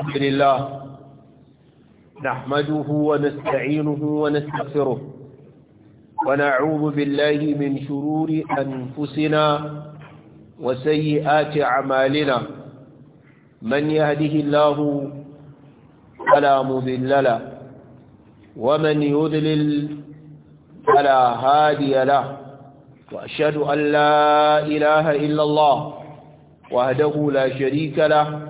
الحمد لله نحمده ونستعينه ونستغفره ونعوذ بالله من شرور أنفسنا وسيئات أعمالنا من يهده الله فلا مذل له ومن يذلل فلا هادي له وأشهد أن لا إله إلا الله وهده لا شريك له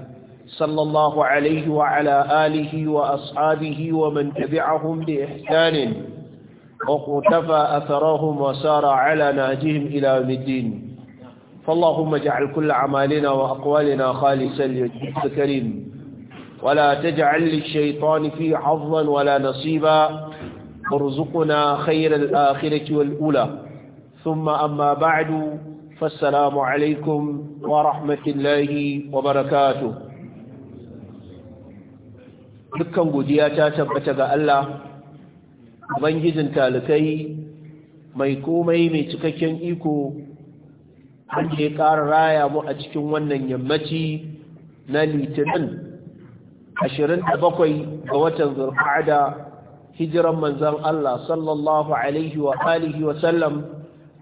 صلى الله عليه وعلى آله وأصحابه ومن تبعهم بإحسان وقتفى أثرهم وسار على ناجهم إلى يوم الدين فاللهم اجعل كل عمالنا وأقوالنا خالصا للجهد كريم ولا تجعل للشيطان في حظا ولا نصيبا وارزقنا خير الآخرة والأولى ثم أما بعد فالسلام عليكم ورحمة الله وبركاته dukkan godiya ta tabbata ga Allah ubangijin talikai mai komai mai cikakken iko wanda ƙara raya mu a cikin wannan yammaci na litinin 27 ga watan zurfa'ada hijiran manzan Allah sallallahu alaihi wa alihi wa sallam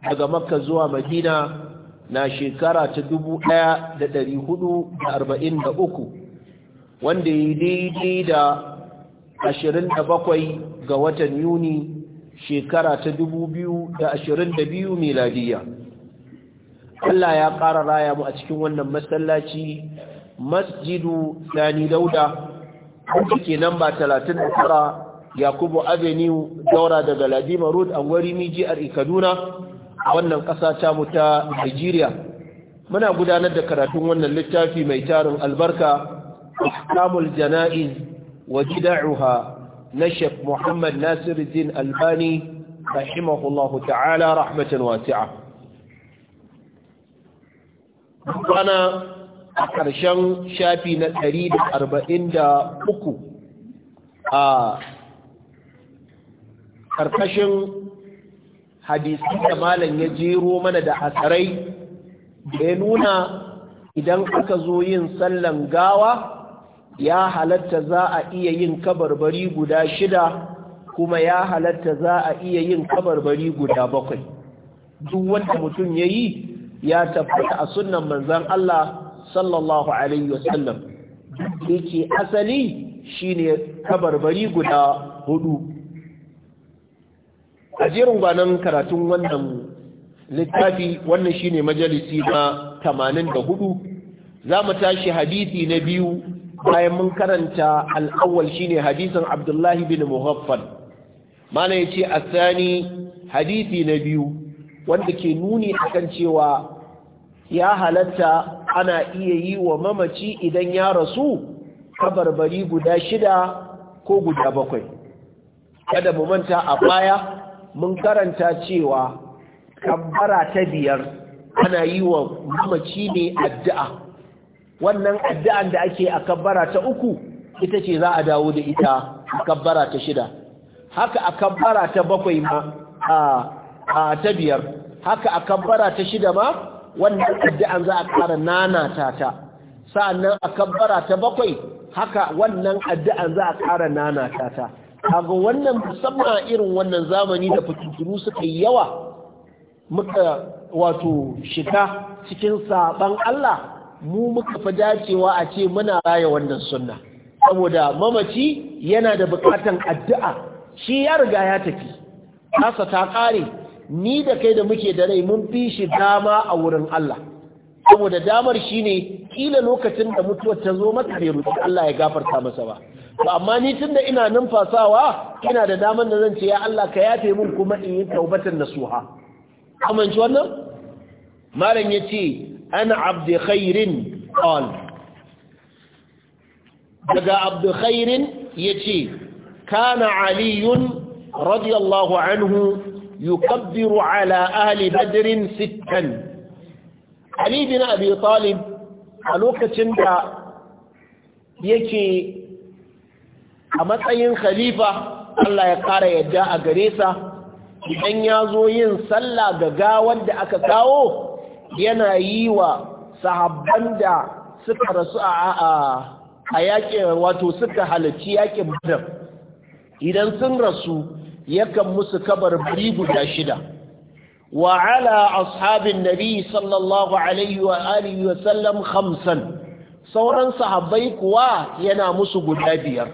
daga makka zuwa madina na shekara ta 1443 wanda ya daidai da 27 ga watan yuni shekara ta 2022 miladiya Allah ya ƙara raya mu a cikin wannan masallaci masjidu dani dauda wanda ke nan ba 39 yakubu avenue daura daga ladima road an miji mijiyar kaduna a wannan ƙasa ta mu ta nigeria muna gudanar da karatun wannan littafi mai tarin albarka أحكام الجنائز وجدعها نشف محمد ناصر الدين الباني رحمه الله تعالى رحمة واسعة أنا أكرشان شافي نتريد أربعين دا أكو أكرشان hadisi da malam ya jero mana da asarai da ya nuna idan aka zo yin sallan gawa ya halatta za a iya yin kabarbari guda shida kuma ya halatta za a iya yin kabarbari guda bakwai duk wanda mutum ya yi ya tabbata a sunan manzan Allah sallallahu alaihi wasallam yake asali shine kabarbari guda hudu a jerin gwanon karatun wannan littafi wannan shine majalisi na 84 za mu tashi hadithi na biyu bayan mun karanta al'awwal shine hadisin Abdullahi bin muhaffal mana ya ce a sani hadisi na biyu wanda ke nuni akan cewa ya halatta ana iya yi wa mamaci idan ya rasu kabarbari guda shida ko guda bakwai kada mu manta a baya mun karanta cewa kabbara ta biyar ana yi wa mamaci ne addu'a wannan addu'an da ake a kabbara ta uku ita ce za a dawo da ita a kabbara ta shida haka a kabbara ta bakwai ma a ta biyar haka a kabbara ta shida ma wannan addu'an za a ƙara nanata ta sa'annan a kabbara ta bakwai haka wannan addu'an za a ƙara nanata ta kaga wannan musamman irin wannan zamani da fitintunu suka yi yawa muka wato shiga cikin saban Allah mu muka fi dacewa a ce muna raya wannan sunna saboda mamaci yana da bukatan addu'a shi ya riga ya tafi kasa ta ƙare ni da kai da muke da rai mun fi shi dama a wurin Allah saboda damar shi ne kila lokacin da mutuwar ta zo masa bai rubuta Allah ya gafarta masa ba to amma ni da ina numfasawa ina da damar da zan ce ya Allah ka yafe min kuma in yi taubatan nasuha amince wannan malam yace ana abdi khairin qal daga abdu khairin yace kana aliyun radiyallahu anhu yukabbiru ala ahli badrin sittan ali bin abi talib a lokacin da yake a matsayin khalifa Allah ya kara yadda a gare sa idan ya zo yin sallah ga gawar da aka kawo yana yi wa sahabban da suka rasu a a yakin wato suka halarci yakin badar idan sun rasu yakan musu kabar bari guda shida wa ala ashabin nabi sallallahu alaihi wa alihi wa sallam khamsan sauran sahabbai kuwa yana musu guda biyar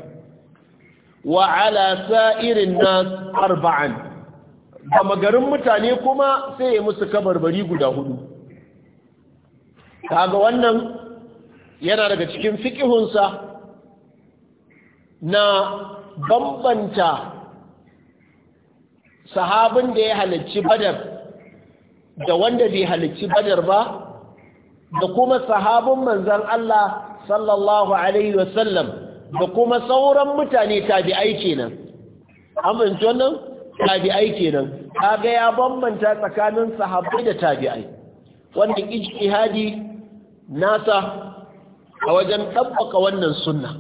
wa ala sa'irin na arba'an gama garin mutane kuma sai ya musu kabar bari guda hudu kaga wannan yana daga cikin fikihunsa na bambanta sahabin da ya halicci badar da wanda bai halicci badar ba da kuma sahabin manzan Allah sallallahu alaihi wasallam da kuma sauran mutane tabi'ai kenan an fahimci wannan tabi'ai kenan kaga ya bambanta tsakanin sahabbai da tabi'ai wanda ijtihadi nasa a wajen ɗabbaka wannan sunna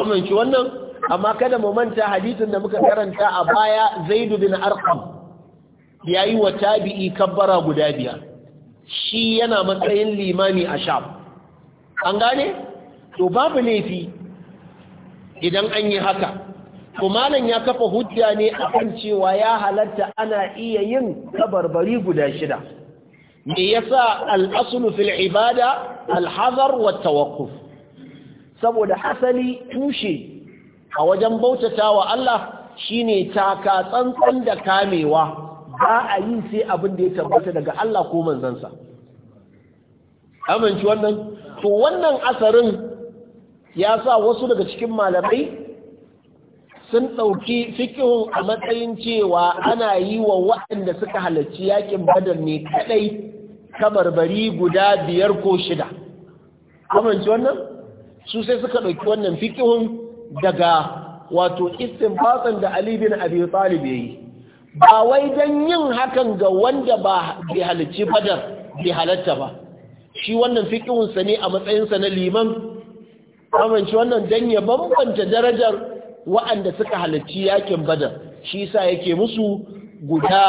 amince wannan amma kada mu manta hadisin da muka karanta a baya zaidu bin arqam yayi wa tabi'i kabbara guda biyar shi yana matsayin limami a sham an gane to babu laifi idan an yi haka to malam ya kafa hujja ne akan cewa ya halatta ana iya yin kabarbari guda shida me yasa al-aslu fil ibada al-hazar wa tawakkuf saboda asali tushe a wajen bautatawa Allah shine taka tsantsan da kamewa ba a yi sai abin da ya tabbata daga Allah ko manzansa amince wannan to wannan asarin ya sa wasu daga cikin malamai sun ɗauki fikihun a matsayin cewa ana yi wa waɗanda suka halarci yakin badar ne kadai. kabarbari guda biyar ko shida kamanci wannan su sai suka ɗauki wannan fikihun daga wato istinbatsan da Ali bin Abi Talib yayi ba wai dan yin hakan ga wanda ba bi halici badar bi halatta ba shi wannan fikihun sa ne a matsayin sa na liman kamanci wannan dan ya bambanta darajar wa'anda suka halicci yakin badar shi yasa yake musu guda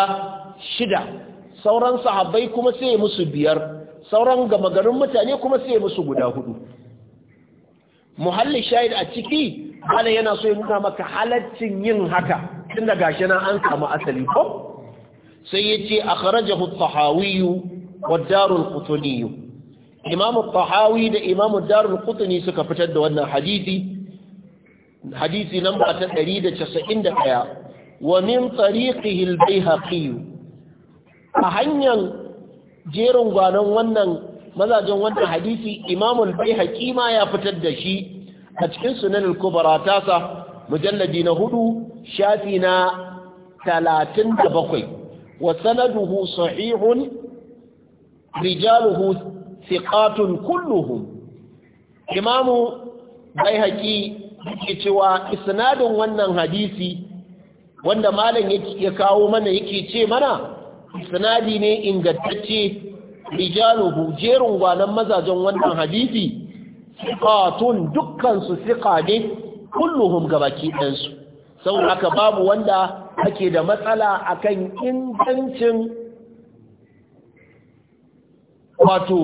shida sauran sahabbai kuma sai musu biyar sauran gama garin mutane kuma sai musu guda hudu muhalli shahid a ciki ana yana so ya nuna maka halaccin yin haka tun da gashi na an samu asali ko sai ya ce a kharajahu tahawiyu wa darul qutuniyu imamu tahawi da imamu darul qutuni suka fitar da wannan hadisi hadisi namba ta 191 wa min tariqihi al-bayhaqi a hanyar jerin gwanon wannan mazajen wannan hadisi imamul bai hakima ya fitar da shi a cikin sunan al-kubara tasa mujalladi na hudu shafi na talatin da bakwai wa sanaduhu sahihun rijaluhu thiqatun kulluhum imamu bai haƙi yake cewa isnadin wannan hadisi wanda malam ya kawo mana yake ce mana Sinadi ne ingantacce rijaluhu jerin gwanan mazajen wannan hadisi siqatun dukkan su ne kulluhum gabaki ɗansu saboda haka babu wanda ake da matsala akan ingancin wato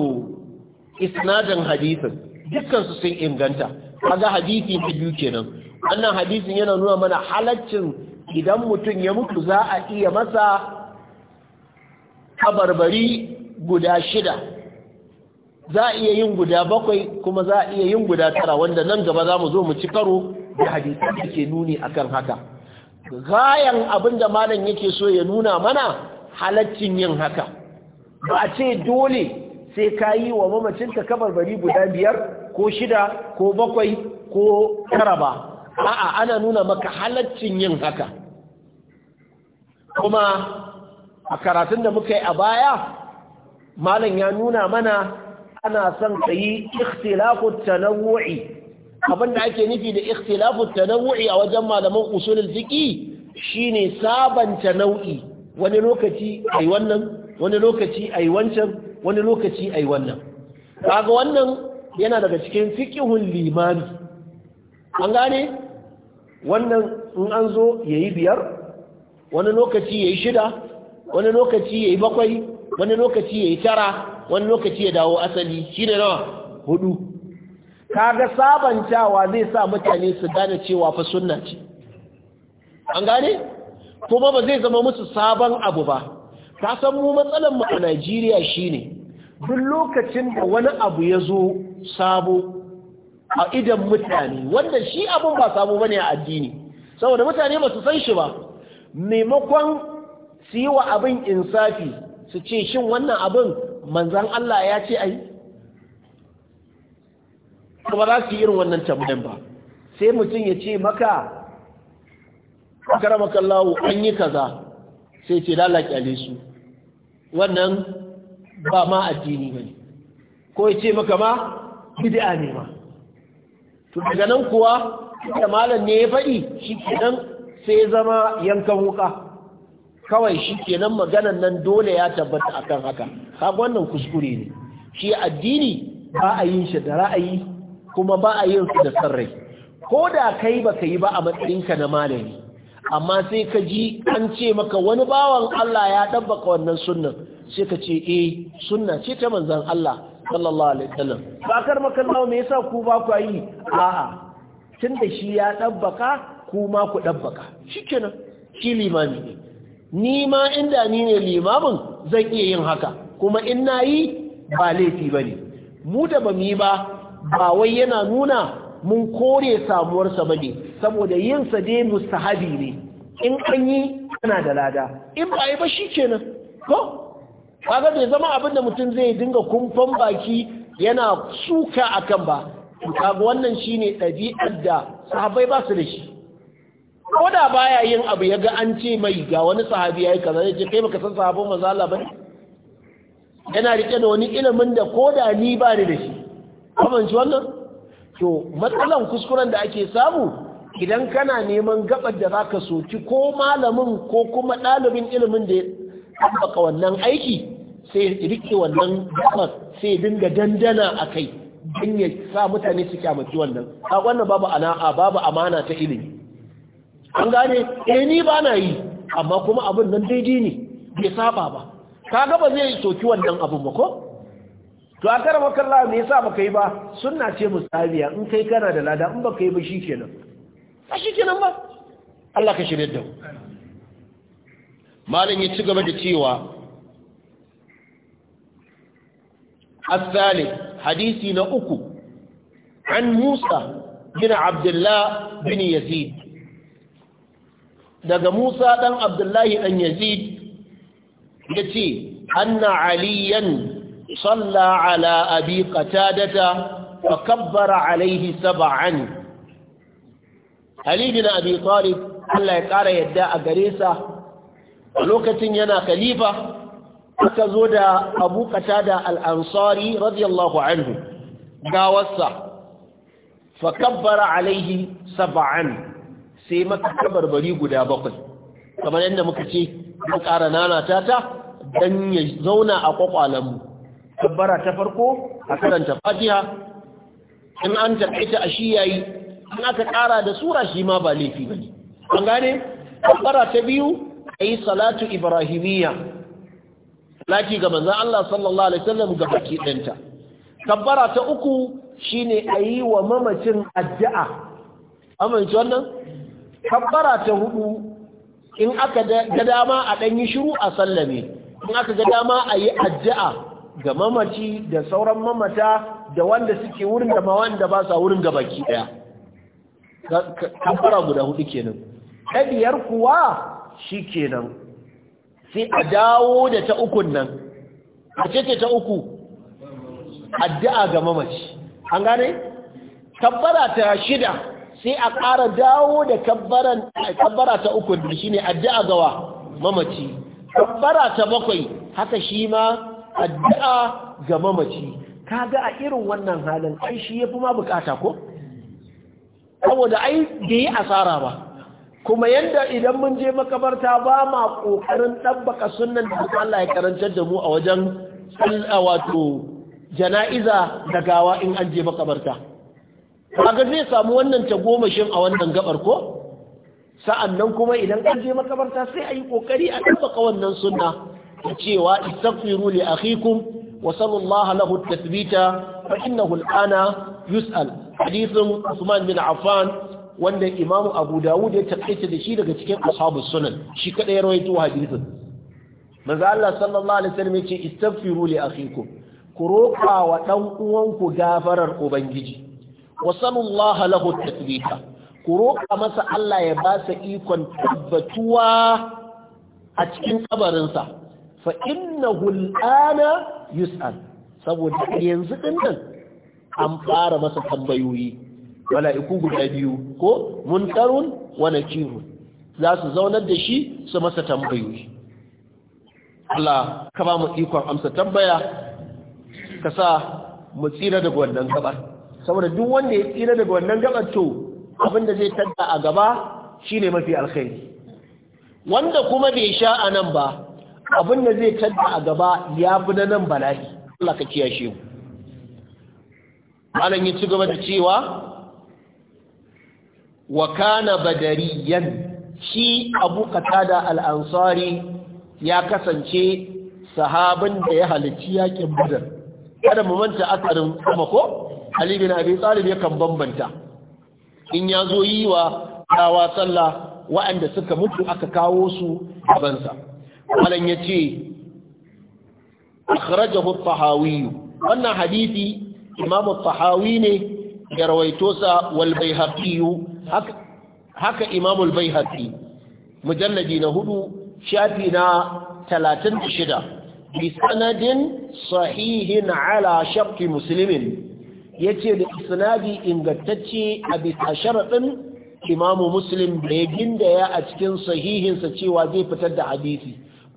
isnadin hadisin dukkan sun inganta kaga hadisi biyu kenan wannan hadisin yana nuna mana halaccin idan mutum ya mutu za a iya masa kabarbari guda shida za a iya yin guda bakwai kuma za a iya yin guda tara wanda nan gaba za mu zo mu ci karo da hadisan da ke nuni akan haka gayan abin da malam yake so ya nuna mana halaccin yin haka ba a ce dole sai ka yi wa ka kabarbari guda biyar ko shida ko bakwai ko tara ba a'a ana nuna maka halaccin yin haka kuma a karatun da muka yi a baya malam ya nuna mana ana son ka yi ikhtilafut tanawu'i abinda ake nufi da ikhtilafut tanawu'i a wajen malaman usulul fiqi shine sabanta nau'i wani lokaci ai wannan wani lokaci ai wancan wani lokaci ai wannan kaga wannan yana daga cikin fiqhul limani an gane wannan in an zo yayi biyar wani lokaci yayi shida wani lokaci ya yi bakwai wani lokaci ya yi tara wani lokaci ya dawo asali shi ne nawa hudu kaga sabantawa zai sa mutane su gane cewa fa sunna ce an gane kuma ba zai zama musu sabon abu ba ka san mu matsalar mu a Najeriya shine duk lokacin da wani abu ya zo sabo a idan mutane wanda shi abun ba sabo bane a addini saboda mutane ba su san shi ba maimakon su yi wa abin insafi su ce shin wannan abin manzan Allah ya ce ai ba za su yi irin wannan tambayan ba sai mutum ya ce maka karamakallahu an yi kaza sai ce lalakyale su wannan ba ma addini ba ne ko ya ce maka ma bid'a ne ma to daga nan kuwa da malam ne ya faɗi shi kenan sai zama yankan wuka kawai shi kenan maganan nan dole ya tabbata akan haka kaga wannan kuskure ne shi addini ba a yin shi da ra'ayi kuma ba a yin da sarrai ko da kai baka yi ba a matsayinka na malami amma sai ka ji an ce maka wani bawan Allah ya dabbaka wannan sunnan sai ka ce eh sunna ce ta manzon Allah sallallahu alaihi wasallam ba kar maka nawa me yasa ku ba ku yi a'a tunda shi ya dabbaka ku ma ku dabbaka shikenan shi limami ne ni ma inda ni ne limamin zan iya yin haka kuma in na yi ba laifi ba ne mu da ba yi ba ba wai yana nuna mun kore samuwarsa ba ne saboda yinsa dai mustahabi ne in an yi ana da lada in ba yi ba shi kenan ko kaga bai zama abin da mutum zai dinga kumfan baki yana suka akan ba kaga wannan shine ɗabi'ar da sahabbai ba su da shi ko da baya yin abu ya ga an ce mai ga wani sahabi ya yi kaza ya ce kai baka san sahabin mazala ba yana rike da wani ilimin da ko da ni ba ni da shi amince wannan to matsalan kuskuren da ake samu idan kana neman gabar da zaka soki ko malamin ko kuma ɗalibin ilimin da ya baka wannan aiki sai rike wannan gabar sai dinga dandana a kai in ya sa mutane su kyamaci wannan a wannan babu ana'a babu amana ta ilimi an gane eh ni ba na yi amma kuma abin nan daidai ne bai saba ba Ka gaba zai soki wannan abin ba ko to a kar makalla me yasa baka yi ba sunna ce musabiya in kai kana da lada in baka yi ba shikenan a shikenan ba Allah ka shirye da mu malam ya ci gaba da cewa الثالث hadisi na uku, An-Musa عبد الله bin يزيد daga Musa dan Abdullahi ɗan Yazid ce anna aliyan salla ala abi qatadata fa kabbara alaihi sab'an ali bin abi talib Allah ya kara yadda a gare sa lokacin yana khalifa aka zo da abu qatada al-ansari radiyallahu anhu gawarsa fa kabbara alaihi sab'an sai maka kabarbari guda bakwai kamar yadda muka ce don ƙara nanata ta don ya zauna a kwakwalenmu tabbara ta farko a karanta fatiha in an ta a shi yayi in aka ƙara da sura shi ma ba laifi ba ne an gane tabbara ta biyu a yi salatu ibrahimiyya laki ga manzan Allah sallallahu alaihi wasallam ga baki ɗanta tabbara ta uku shine a yi wa mamacin addu'a amince wannan kabbara ta hudu in aka ga dama a ɗan yi shiru a sallame in aka ga dama a yi addu'a ga mamaci da sauran mamata da wanda suke wurin da ma wanda ba sa wurin ga baki ɗaya kabbara guda hudu kenan ta biyar kuwa shi kenan sai a dawo da ta ukun nan a ce ta uku addu'a ga mamaci an gane? kabbara ta shida sai a ƙara dawo da kabbara ta uku da shine addu'a gawa mamaci kabbara ta bakwai haka shi ma addu'a ga mamaci kaga a irin wannan halin ai shi yafi ma bukata ko saboda ai da yi asara ba kuma yanda idan mun je makabarta ba ma ƙoƙarin dabbaka sunnan da Allah ya karantar da mu a wajen to jana'iza da gawa in an je makabarta kaga zai samu wannan tagomashin a wannan gabar ko sa'an nan kuma idan an je makabarta sai a yi ƙoƙari a ɗabbaka wannan suna da cewa istaghfiru li akhikum wa sallallahu lahu at-tathbita fa innahu al yus'al hadithun Usman bin Affan wanda Imam Abu Dawud ya taƙaita da shi daga cikin ashabus sunan shi kada ya rawaito hadithin manzo Allah sallallahu alaihi wasallam ya ce istaghfiru li akhikum ku roƙa wa dan uwanku gafarar ubangiji wa sanullaha lahu tasbita ku roƙa masa Allah ya ba sa ikon tabbatuwa a cikin kabarinsa fa innahu al'ana yus'al saboda yanzu din nan an fara masa tambayoyi mala'iku guda biyu ko munkarun wa nakirun za su zaunar da shi su masa tambayoyi Allah ka ba mu ikon amsa tambaya ka sa mu tsira daga wannan gabar saboda duk wanda ya tsira daga wannan gabar to abin da zai tadda a gaba shine mafi alkhairi wanda kuma bai sha a nan ba abin da zai tada a gaba ya fi na nan bala'i Allah ka kiyashe mu malam ya ci gaba da cewa wa kana badariyan shi abu qatada al-ansari ya kasance sahabin da ya halarci yakin badar kada mu manta asarin kuma ko ali bin abi talib yakan bambanta in ya zo yi wa dawa sallah waɗanda suka mutu aka kawo su gabansa malan ya ce akhrajahu at-tahawi wannan hadisi imam at-tahawi ne ya rawaito sa wal baihaqi haka haka imam al baihaqi mujalladi na hudu shafi na 36 bi sanadin sahihin ala shaqi musulmin. ya ce da isnadi ingantacce a bisa sharaɗin imamu muslim da ya gindaya a cikin sahihinsa cewa zai fitar da hadisi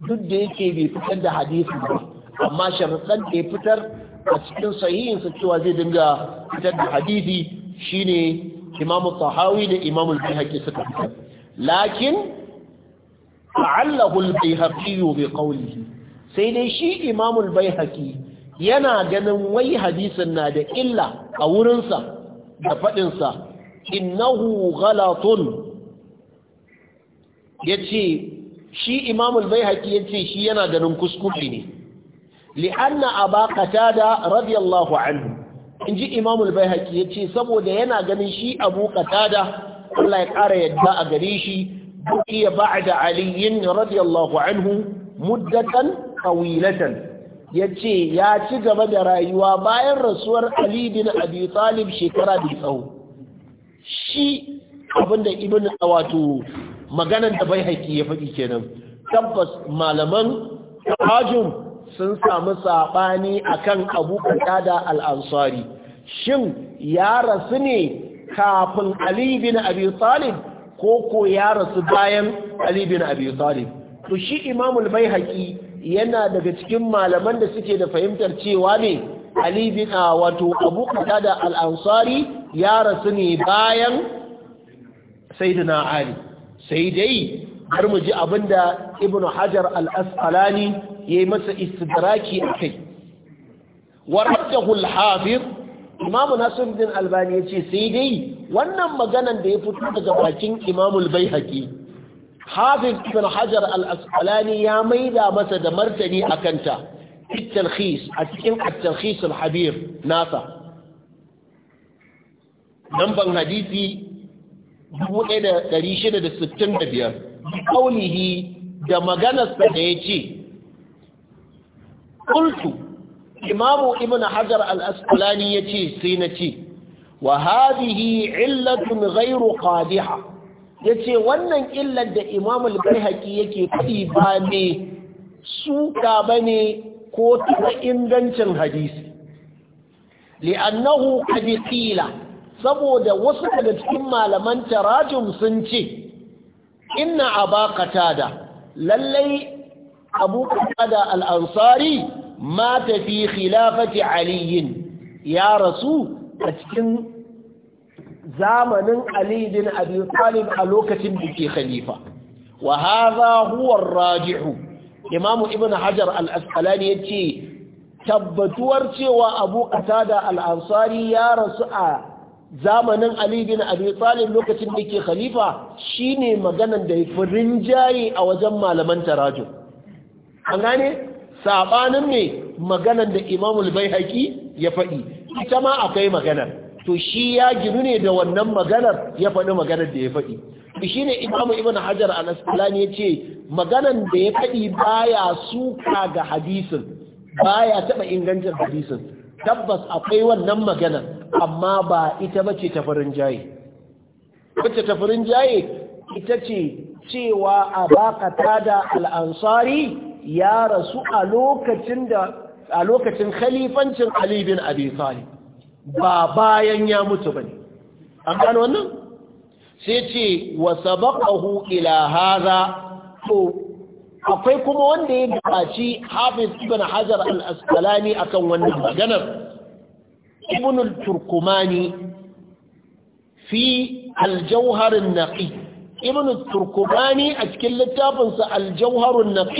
duk da yake bai fitar da hadisi ba amma sharaɗin da ya fitar a cikin sahihinsa cewa zai dinga fitar da hadisi shine imamu tahawi da imamu bihaki suka fitar lakin ta'allahu al-bihaqi bai qawlihi sai dai shi imamul al yana ganin wai hadisin na da illa a wurinsa da faɗinsa innahu ghalatun ya ce shi imamul bai haƙi ya ce shi yana ganin kuskure ne li'anna aba da radiyallahu anhu in ji imamul bai haƙi ya ce saboda yana ganin shi abu da. Allah ya ƙara yadda a gare shi buƙiya ba'da aliyin radiyallahu anhu muddatan tawilatan ya ce ya ci gaba da rayuwa bayan rasuwar Ali bin Abi Talib shekara da tsawo shi abinda ibn wato maganan da bai haƙi ya faɗi kenan tabbas malaman hajjum sun samu saɓani akan Abu Qatada al-Ansari shin ya rasu ne kafin Ali bin Abi Talib ko ko ya rasu bayan Ali bin Abi Talib to shi imamul bai baihaqi yana daga cikin malaman da suke da fahimtar cewa ne Ali bin wato Abu Qatada da al'ansari ya rasu ne bayan Sayyidina Ali sai dai har mu ji abinda Ibn Hajar al-Asqalani yayi masa istidraki a kai. al-Hafiz Imam Nasiruddin Albani ce sai dai wannan maganan da ya fito daga bakin Imam al-Baihaqi hafiz ibn hajar al-asqalani ya maida masa da martani a at-talkhis a cikin at-talkhis al-habir nasa nan ban hadisi 1665 kaulihi da maganar sa da yace qultu imam ibn hajar al-asqalani yace sai na ce wa hadhihi illatun ghayru qadihah ya ce wannan illar da Imamul al yake faɗi ba ne suka ba ne ko ta ingancin hadisi li'annahu qad saboda wasu daga cikin malaman tarajum sun ce inna abakata da lallai abu qatada al-ansari mata khilafati ali ya rasu a cikin zamanin Ali bin Abi Talib a lokacin da ke khalifa wa hadha huwa ar-rajihu Imam Ibn Hajar al-Asqalani yace tabbatuwar cewa Abu Qatada al-Ansari ya rasu a zamanin Ali bin Abi Talib lokacin da ke khalifa shine maganan da yafi rinjaye a wajen malaman tarajum an gane sabanin ne maganan da Imam al-Baihaqi ya faɗi ita ma akwai maganar to shi ya ginu ne da wannan maganar ya faɗi maganar da ya faɗi shi ne imamu ibn hajar a nasilani ya ce maganar da ya faɗi baya suka ga hadisin baya taɓa ingancin hadisin tabbas akwai wannan maganar amma ba ita ba ce tafarin jaye wacce tafarin jaye ita ce cewa a bakata da al'ansari ya rasu a lokacin khalifancin Ali bin ba bayan ya mutu ba ne an gano wannan sai ce wa sabaqahu ila to akwai kuma wanda ya gabaci hafiz ibn hajar al-asqalani akan wannan maganar ibn al-turkumani fi ibn turkumani a cikin littafinsa aljauharin jawhar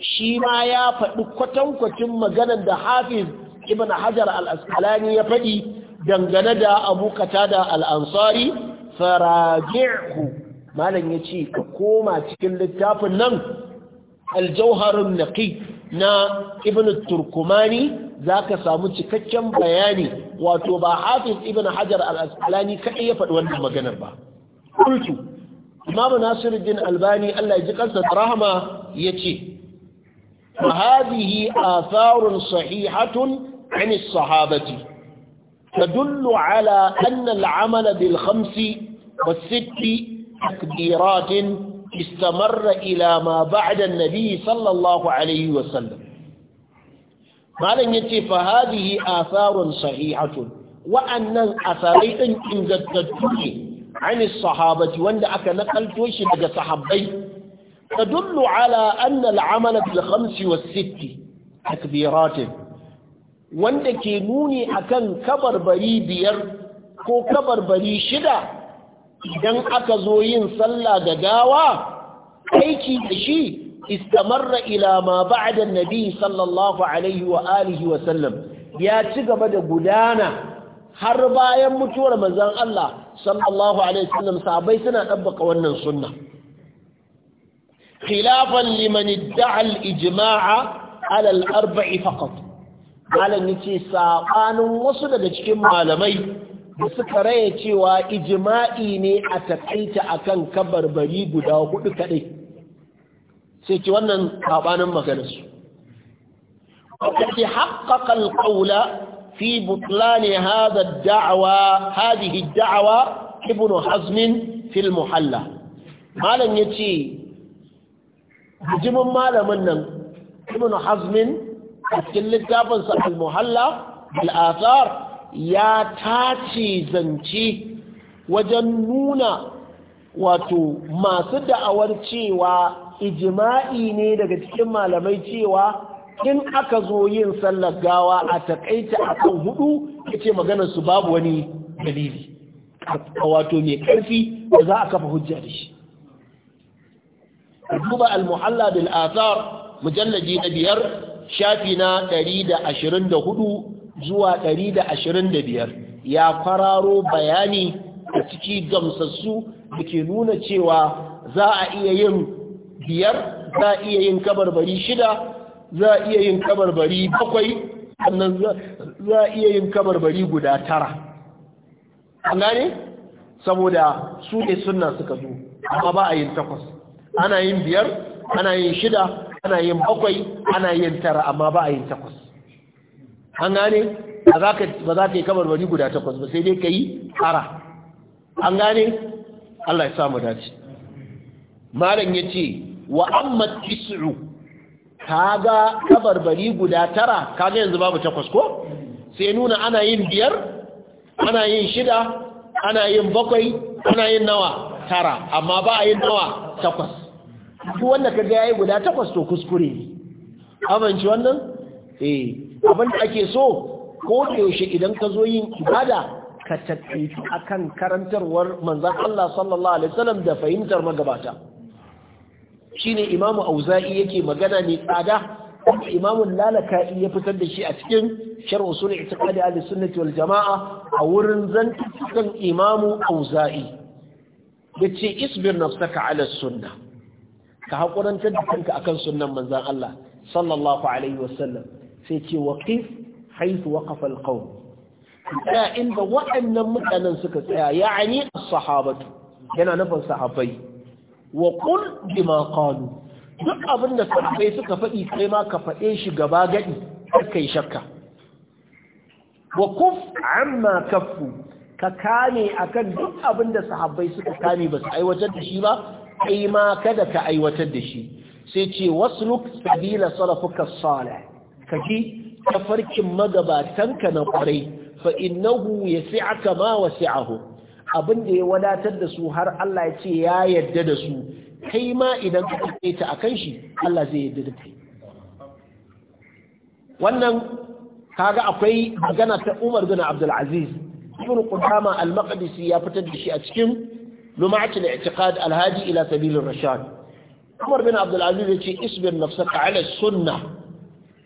shi ma ya faɗi kwatankwacin maganar da hafiz ibn hajar al-asqalani ya faɗi dangane da abu da al-ansari faraji'hu malam yace ka koma cikin littafin nan al-jawharun naqi na ibn turkumani zaka samu cikakken bayani wato ba hafiz ibn hajar al-asqalani ya faɗi wannan maganar ba kultu imam nasiruddin albani Allah ji kansa rahama yace fa hadhihi atharun sahihatun عن الصحابة تدل على أن العمل بالخمس والست تكبيرات استمر إلى ما بعد النبي صلى الله عليه وسلم malam yace fa hadhihi atharun sahihatun wa'annan asarai din ingantattu ne ani sahabati wanda aka nakalto shi daga sahabbai tadullu ala anna al-amala bil khamsi was sitti takbirat wanda ke nuni akan kabarbari biyar ko kabarbari shida idan aka zo yin sallah da gawa aiki da shi istamarra ila ma ba'da annabi sallallahu alaihi wa alihi wa sallam ya ci gaba da gudana har bayan mutuwar manzon Allah sallallahu alaihi wa sallam sahabbai suna dabbaka wannan sunna khilafan liman idda'a al-ijma'a ala al-arba'i faqat malam yace sabanin wasu daga cikin malamai da suka raye cewa ijima'i ne a takaita akan kabarbari guda hudu kadai sai ki wannan sabanin maganar su وقد حقق القول في بطلان هذا الدعوى dawa ibn hazm fi al-muhalla malam yace jimin malamin nan ibn hazmin a cikin littafinsa al-muhalla ya tace zance wajen nuna wato masu da'awar cewa ijima'i ne daga cikin malamai cewa in aka zo yin sallar gawa a takaita akan hudu yace maganar su babu wani dalili wato mai karfi da za a kafa hujja da shi duba al-muhalla bil athar mujallaji na biyar shafi na 124 zuwa 125 ya kwararo bayani a ciki gamsassu da ke nuna cewa za a iya yin biyar za a iya yin kabarbari shida za a iya yin kabarbari bakwai sannan za a iya yin kabarbari guda tara an gane saboda su ne suna suka zo amma ba a yin takwas ana yin biyar ana yin shida ana yin bakwai ana yin tara amma ba a yin takwas an gane ba za ka yi kamar wani guda takwas ba sai dai ka yi tara an gane Allah ya samu dace malam ya ce wa amma ka ga kabarbari guda tara kaga yanzu babu takwas ko sai nuna ana yin biyar ana yin shida ana yin bakwai ana yin nawa tara amma ba a yin nawa takwas duk wanda ka ga yayi guda takwas to kuskure ne amince wannan eh abin da ake so ko da yaushe idan ka zo yin ibada ka tattaki akan karantarwar manzon Allah sallallahu alaihi wasallam da fahimtar magabata shine imamu auza'i yake magana ne tsada imamun lalaka ya fitar da shi a cikin sharh usul i'tiqadi ahli sunnati wal jamaa a wurin zantukan imamu auza'i yace isbir nafsaka ala sunnah ka haƙurantar da kanka akan sunnan manzan Allah sallallahu alaihi wasallam sai ce waqif haythu waqafa ƙaun. ta inda waɗannan mutanen suka tsaya ya'ani as-sahabatu yana nufin sahabbai wa qul bima qalu duk abin da sahabbai suka faɗi kai ma ka faɗe shi gaba gadi kai shakka wa kuf amma kaffu ka kame akan duk abin da sahabbai suka kame ba su aiwatar da shi ba kai ma kada ka aiwatar da shi sai ce wasluk sabila salafuka salih kaji tafarkin ka na kwarai fa innahu yasi'aka ma wasi'ahu abin da ya wadatar da su har Allah ya ce ya yarda da su kai ma idan ka ta akan shi Allah zai yadda da kai wannan kaga akwai magana ta Umar bin Abdul Aziz ibn Qudama al-Maqdisi ya fitar da shi a cikin لمعت الاعتقاد الهادي إلى سبيل الرشاد عمر بن عبد العزيز يقول اصبر نفسك على السنة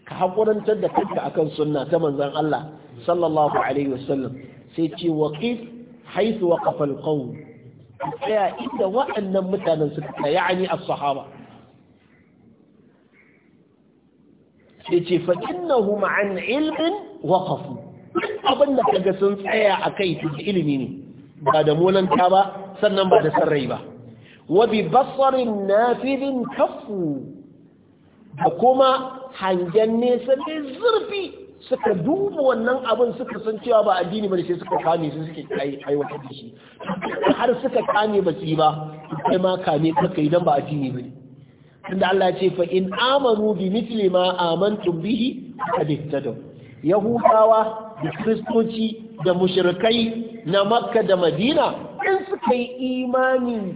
كحقوراً تدكتك أكن سنة كما زان الله صلى الله عليه وسلم سيتي وقف حيث وقف القوم يا إذا وأن مثلا سكت يعني الصحابة سيتي فإنهم عن علم وقفوا أبنك لك يا أكيد العلمين ba da molanta ba sannan ba da sarrai ba wa bi basarin nafidin kafu da kuma hangen nesa ne zurfi suka duba wannan abin suka san cewa ba addini bane sai suka kame su suke aiwatar da shi har suka kame ba ba kai ma kame kanka idan ba addini bane tunda Allah ya ce fa in amanu bi mithli ma amantum bihi qad ihtadaw yahudawa da kristoci da mushrikai na makka da madina in suka yi imani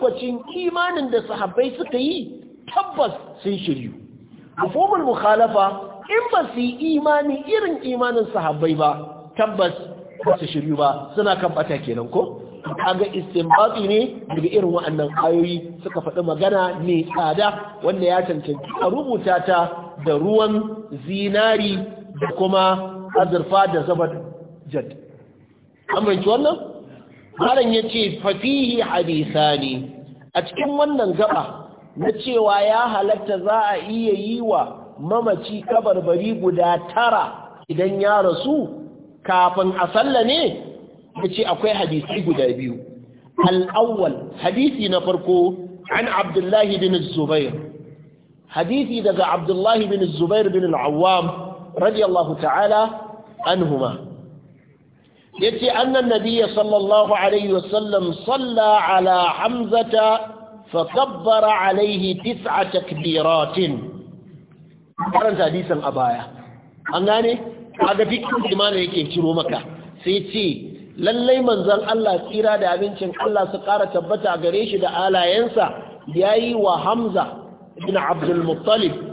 kwacin imanin da sahabbai suka yi tabbas sun shiryu hukumar mukhalafa in ba su yi imani irin imanin sahabbai ba tabbas ba su shiryu ba suna kan bata kenan ko kaga istinbati ne daga irin wa'annan ayoyi suka faɗi magana ne tsada wanda ya cancanci a rubuta ta da ruwan zinari da kuma azurfa da zabar jad amince wannan malam ya ce fafihi hadisa ne a cikin wannan gaba na cewa ya halatta za a iya yi wa mamaci kabarbari guda tara idan ya rasu kafin a salla ne ya ce akwai hadisi guda biyu al'awwal hadisi na farko an abdullahi bin zubair hadisi daga abdullahi bin zubair bin al'awwam radiyallahu ta'ala anhuma yace annan nabiyya sallallahu alaihi sallam salla ala hamzata فكبر alaihi tis'a takbiratin karanta hadisan a baya an gane kaga fikin imani yake ciro maka sai ce lallai manzon Allah tsira da abincin Allah su ƙara tabbata gare shi da alayensa yayi wa Hamza ibn Abdul Muttalib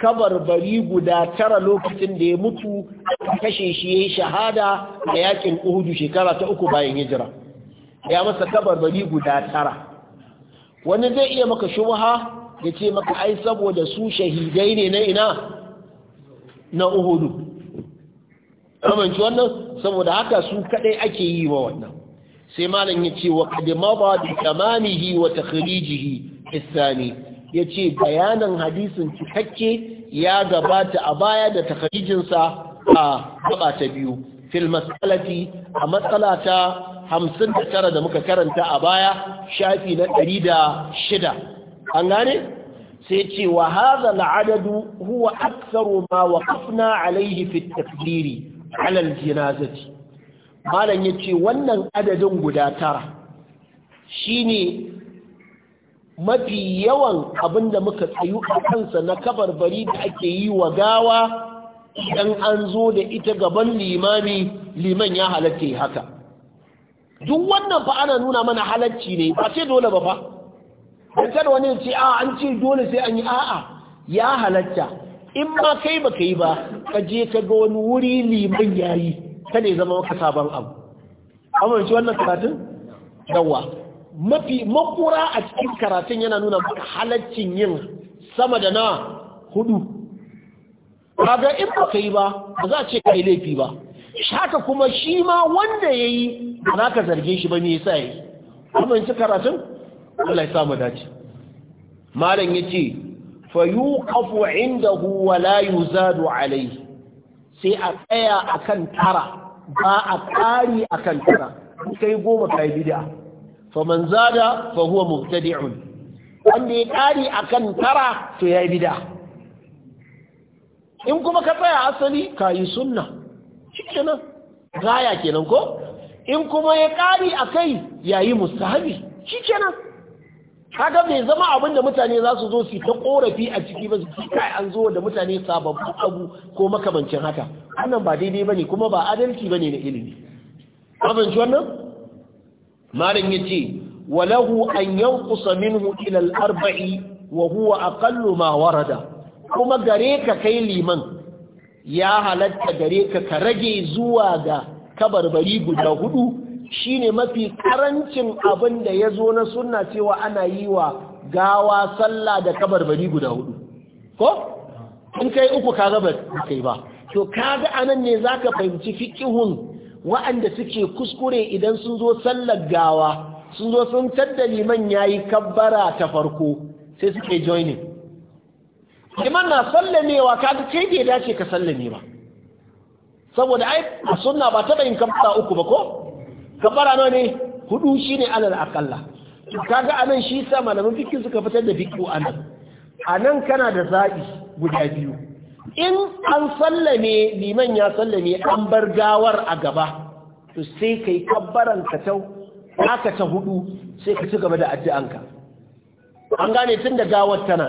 Kabar-bari guda tara lokacin da ya mutu a kashe shi ya yi shahada a yakin uhudu shekara ta uku bayan hijira ya masa kabar-bari guda tara wani zai iya maka shubaha ya ce maka ai saboda su shahidai ne na ina na uhudu amince wannan saboda haka su kadai ake yi wa wannan sai malam ya ce wa kadima ba da tamamihi wa takhrijihi isani ya ce bayanan hadisin cikakke ya gabata a baya da takarijinsa a gaba ta biyu fil matsalati a matsala ta hamsin da tara da muka karanta a baya shafi na ɗari da shida an gane sai ce wa haza al'adadu huwa aksaru ma waqafna alaihi fi takbiri ala al Malam ya yace wannan adadin guda tara shine mafi yawan abin da muka tsayu a kansa na kabarbari da ake yi wa gawa idan an zo da ita gaban limami liman ya halatta yi haka duk wannan fa ana nuna mana halacci ne ba ce dole ba fa dan wani ce a an ce dole sai an yi a'a ya halatta in ma kai ba yi ba ka je ka ga wani wuri liman yayi kada ya zama maka sabon abu wannan karatun yawa mafi makura a cikin karatun yana nuna maka halaccin yin sama da na hudu kaga in ba yi ba ba za a ce ka yi laifi ba Shaka kuma shi ma wanda ya yi ba za ka zarge shi ba me yasa ya yi kuma in ci karatun Allah ya samu dace malam ya ce fa yuqafu inda huwa layu zado alai, sai a tsaya akan tara ba a a akan tara kai goma yi bid'a faman zada fa huwa mubtadi'un wanda ya kare akan tara to yayi bid'a in kuma ka tsaya asali kayi sunna shikenan gaya kenan ko in kuma ya kare akai yayi mustahabi shikenan kaga bai zama abin da mutane za su zo su ta korafi a ciki ba su kai an zo da mutane sababbin abu ko makabancin haka wannan ba daidai bane kuma ba adalci bane na ilimi abin shi wannan malam yace walahu an yanqusa minhu ila al-arba'i wa huwa aqallu ma warada kuma gare ka kai liman ya halatta gare ka ka rage zuwa ga kabarbari guda hudu shine mafi karancin abin da ya zo na sunna cewa ana yi wa gawa sallah da kabarbari guda hudu ko in kai uku ka gaba kai ba to kaga anan ne zaka fahimci fiqhun wa'anda suke kuskure idan sun zo sallar gawa sun zo sun tadda liman yayi kabbara ta farko sai suke joining liman na sallamewa kaga kai bai dace ka sallame ba saboda ai a sunna ba taɓa yin kabbara uku ba ko kabbara nawa ne hudu shi ne alal akalla kaga anan shi sa malaman fikin suka fitar da fikihu anan anan kana da zaɓi guda biyu in an sallame liman ya sallame an bar gawar a gaba to sai kai kabbaran ka tau aka ta hudu sai ka ci gaba da addu'anka an gane tun da gawar tana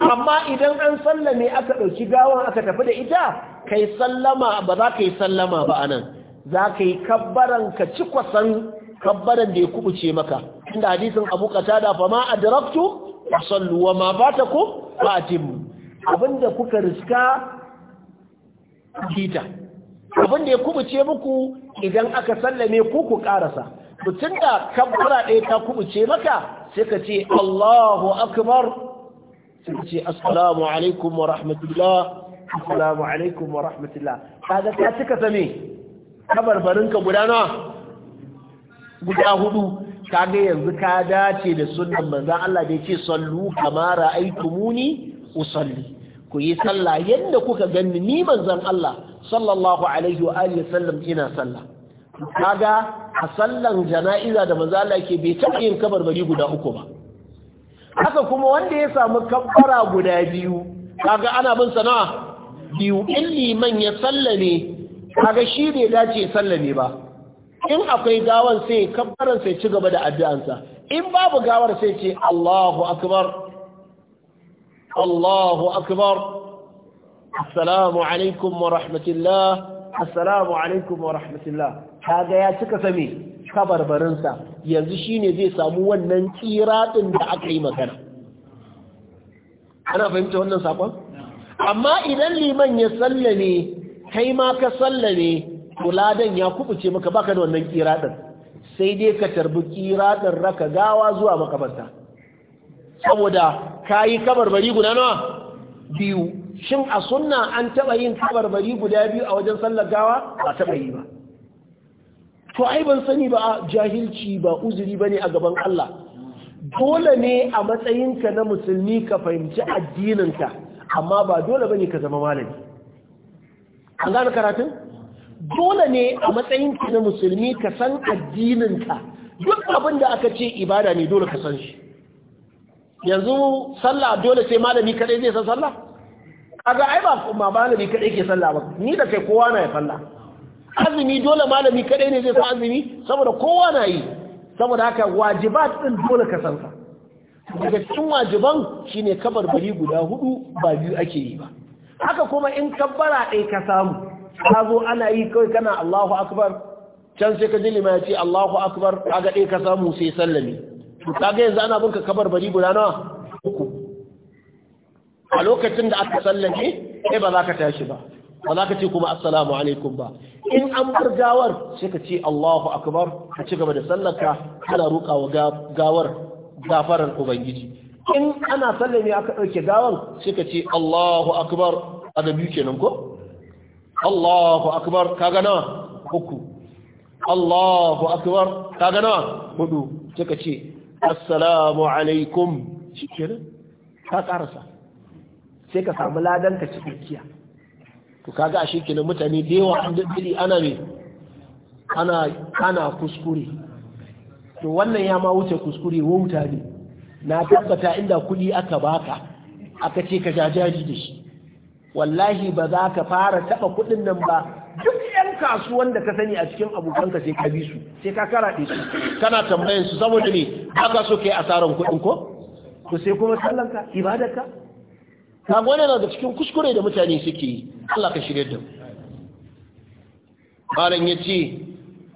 amma idan an sallame aka ɗauki gawar aka tafi da ita kai sallama ba za ka yi sallama ba anan za ka yi kabbaran ka ci kwasan kabbaran da ya kubuce maka inda hadisin abu qatada fa ma adraktu sallu wa ma ba a abinda kuka riska kita abinda ya kubuce muku idan aka sallame ku ku karasa mutum da kabbara ɗaya ta kubuce maka sai ka ce Allahu akbar sai ce assalamu alaikum wa rahmatullah assalamu alaikum wa rahmatullah kaga ta cika same kabarbarinka guda nawa guda hudu kaga yanzu ka dace da sunan manzon Allah da ce sallu muni aitumuni usalli ku yi sallah yadda kuka gani ni manzan Allah sallallahu alaihi wa alihi sallam ina sallah kaga a sallan jana'iza da manzo Allah yake bai taɓa yin kabarbari guda uku ba haka kuma wanda ya samu kabbara guda biyu kaga ana bin sana'a biyu in liman ya sallame kaga shi bai dace sallame ba in akwai gawan sai kabbaran sai ci gaba da addu'ansa in babu gawar sai ce Allahu akbar الله أكبر السلام عليكم ورحمة الله السلام عليكم ورحمة الله هذا يا تكسمي kabar barinsa yanzu shine zai samu wannan kiraɗin da aka yi magana ana fahimta wannan sakon amma idan liman ya sallame kai ma ka sallame kuladan ya kubuce maka baka da wannan kiratin sai dai ka tarbi kiratin raka gawa zuwa makabarta saboda kayi kabarbari guda nawa biyu shin a sunna an taba yin kabarbari guda biyu a wajen sallar gawa ba taba yi ba to ai ban sani ba jahilci ba uzuri bane a gaban Allah dole ne a matsayinka na musulmi ka fahimci addininka amma ba dole bane ka zama malami an gane karatun dole ne a matsayinka na musulmi ka san addininka duk abin da aka ce ibada ne dole ka san shi yanzu sallah dole sai malami kadai zai san sallah kaga ai ba ba malami kadai ke sallah ba ni da kai kowa na ya falla. azumi dole malami kadai ne zai san azumi saboda kowa na yi saboda haka wajibat din dole ka san sa daga cikin wajiban shine kabar bari guda hudu ba biyu ake yi ba haka kuma in kabbara ɗaya ka samu ka zo ana yi kawai kana Allahu akbar can sai ka ji lima ya ce Allahu akbar kaga ɗaya ka samu sai sallami kaga yanzu ana binka kabar bari guda nawa uku a lokacin da aka sallake, sai ba za ka tashi ba ba za ka ce kuma assalamu alaikum ba in an bar gawar sai ka ce Allahu akbar ka ci gaba da sallaka kana rukawa gawar gafarar ubangiji in ana sallame aka ɗauke gawar sai ka ce Allahu akbar a biyu kenan ko Allahu akbar kaga nawa uku Allahu akbar kaga nawa hudu sai ka ce assalamu alaikum shi ka karasa sai ka samu ladan ka cikakkiya to kaga a kenan mutane da yawa an dabbili ana ne ana kuskure to wannan ya ma wuce kuskure wauta ne na tabbata inda kuɗi aka baka aka ce ka jajaji da shi wallahi ba za ka fara taɓa kuɗin nan ba duk kasuwan da ka sani a cikin abokanka sai ka bi su sai ka karaɗe su kana tambayin su saboda ne ba ka so ka yi asaran kuɗin ko to sai kuma sallanka ibadarka ka gwane na da cikin kuskure da mutane suke yi Allah ka shirye da mu malam ya ce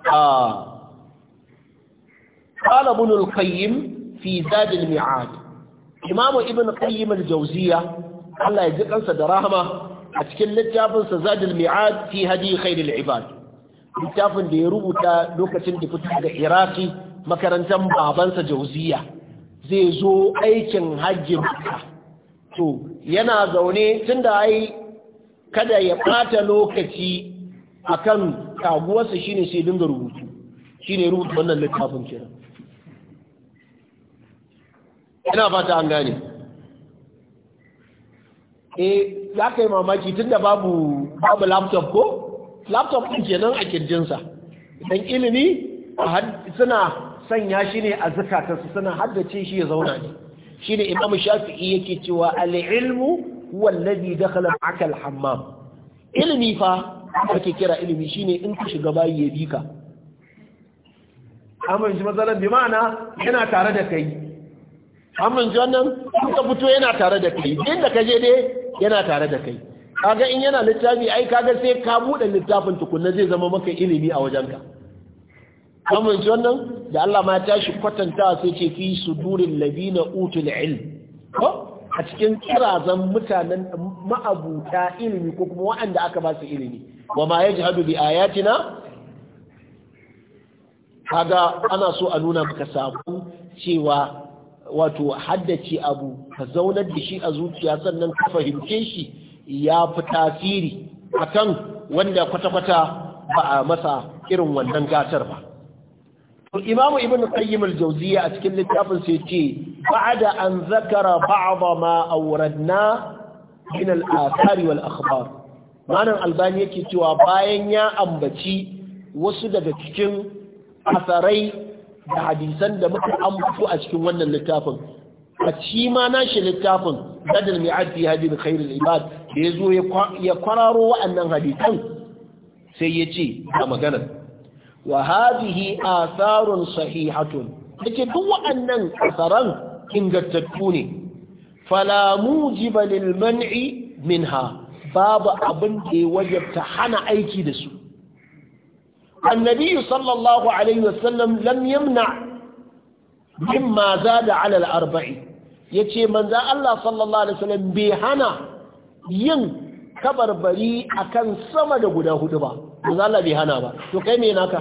a ah, qala ibn al-qayyim fi zad al-mi'ad imam ibn qayyim al-jawziya Allah ya ji kansa da rahama a cikin littafin sa zadul mi'ad fi hadi khairul ibad littafin da ya rubuta lokacin da fito daga iraki makarantar babansa jauziya zai zo aikin hajji makka to yana zaune tunda ai kada ya ɓata lokaci akan kaguwarsa shine sai dinga rubutu shine rubuta wannan littafin kira ina fata an gane eh za kai mamaki tunda babu babu laptop ko laptop ɗin kenan a kirjinsa dan ilimi suna sanya shi ne a su suna haddace shi ya zauna ne shi ne shafi'i yake cewa ilmu huwa alladhi dakhala ma'aka al-hammam ilimi fa ake kira ilimi shine in ka shiga bayi ya bika amma yanzu matsalar bi ma'ana yana tare da kai Amin wannan ka fito yana tare da kai inda ka je dai yana tare da kai kaga in yana littafi ai kaga sai ka buɗe littafin tukunna zai zama maka ilimi a wajenka Amin wannan da Allah ma ya tashi kwatanta sai ce fi sudurin ladina utul ilm ko a cikin kirazan mutanen ma'abuta ilimi ko kuma waɗanda aka ba su ilimi wa ma jihadu bi ayatina kaga ana so a nuna maka sabu cewa wato haddace abu ka zaunar da shi a zuciya sannan ka fahimce shi ya fi tasiri akan wanda kwata-kwata ba a masa irin wannan gatar ba imamu ibn qayyim al-jawziyya a cikin littafin sai ce ba'da an zakara ba'd ma awradna min al-athari wal akhbar manan albani yake cewa bayan ya ambaci wasu daga cikin asarai da hadisan da muka ambato a cikin wannan littafin a ci ma nashi littafin mai mi'ad fi da khairul ibad da zo ya kwararo wa'annan hadisan sai ya ce a maganar wa hadhihi atharun sahihatun yake duk wa'annan asaran ingantattu ne fala mujiba lil man'i minha babu abin da ya wajabta hana aiki da su النبي صلى الله عليه وسلم لم يمنع مما زاد على الأربع يتي من ذا الله صلى الله عليه وسلم بيهنا ين كبر بري أكن سمد قدا هدبا من الله بيهنا با تقيم يناك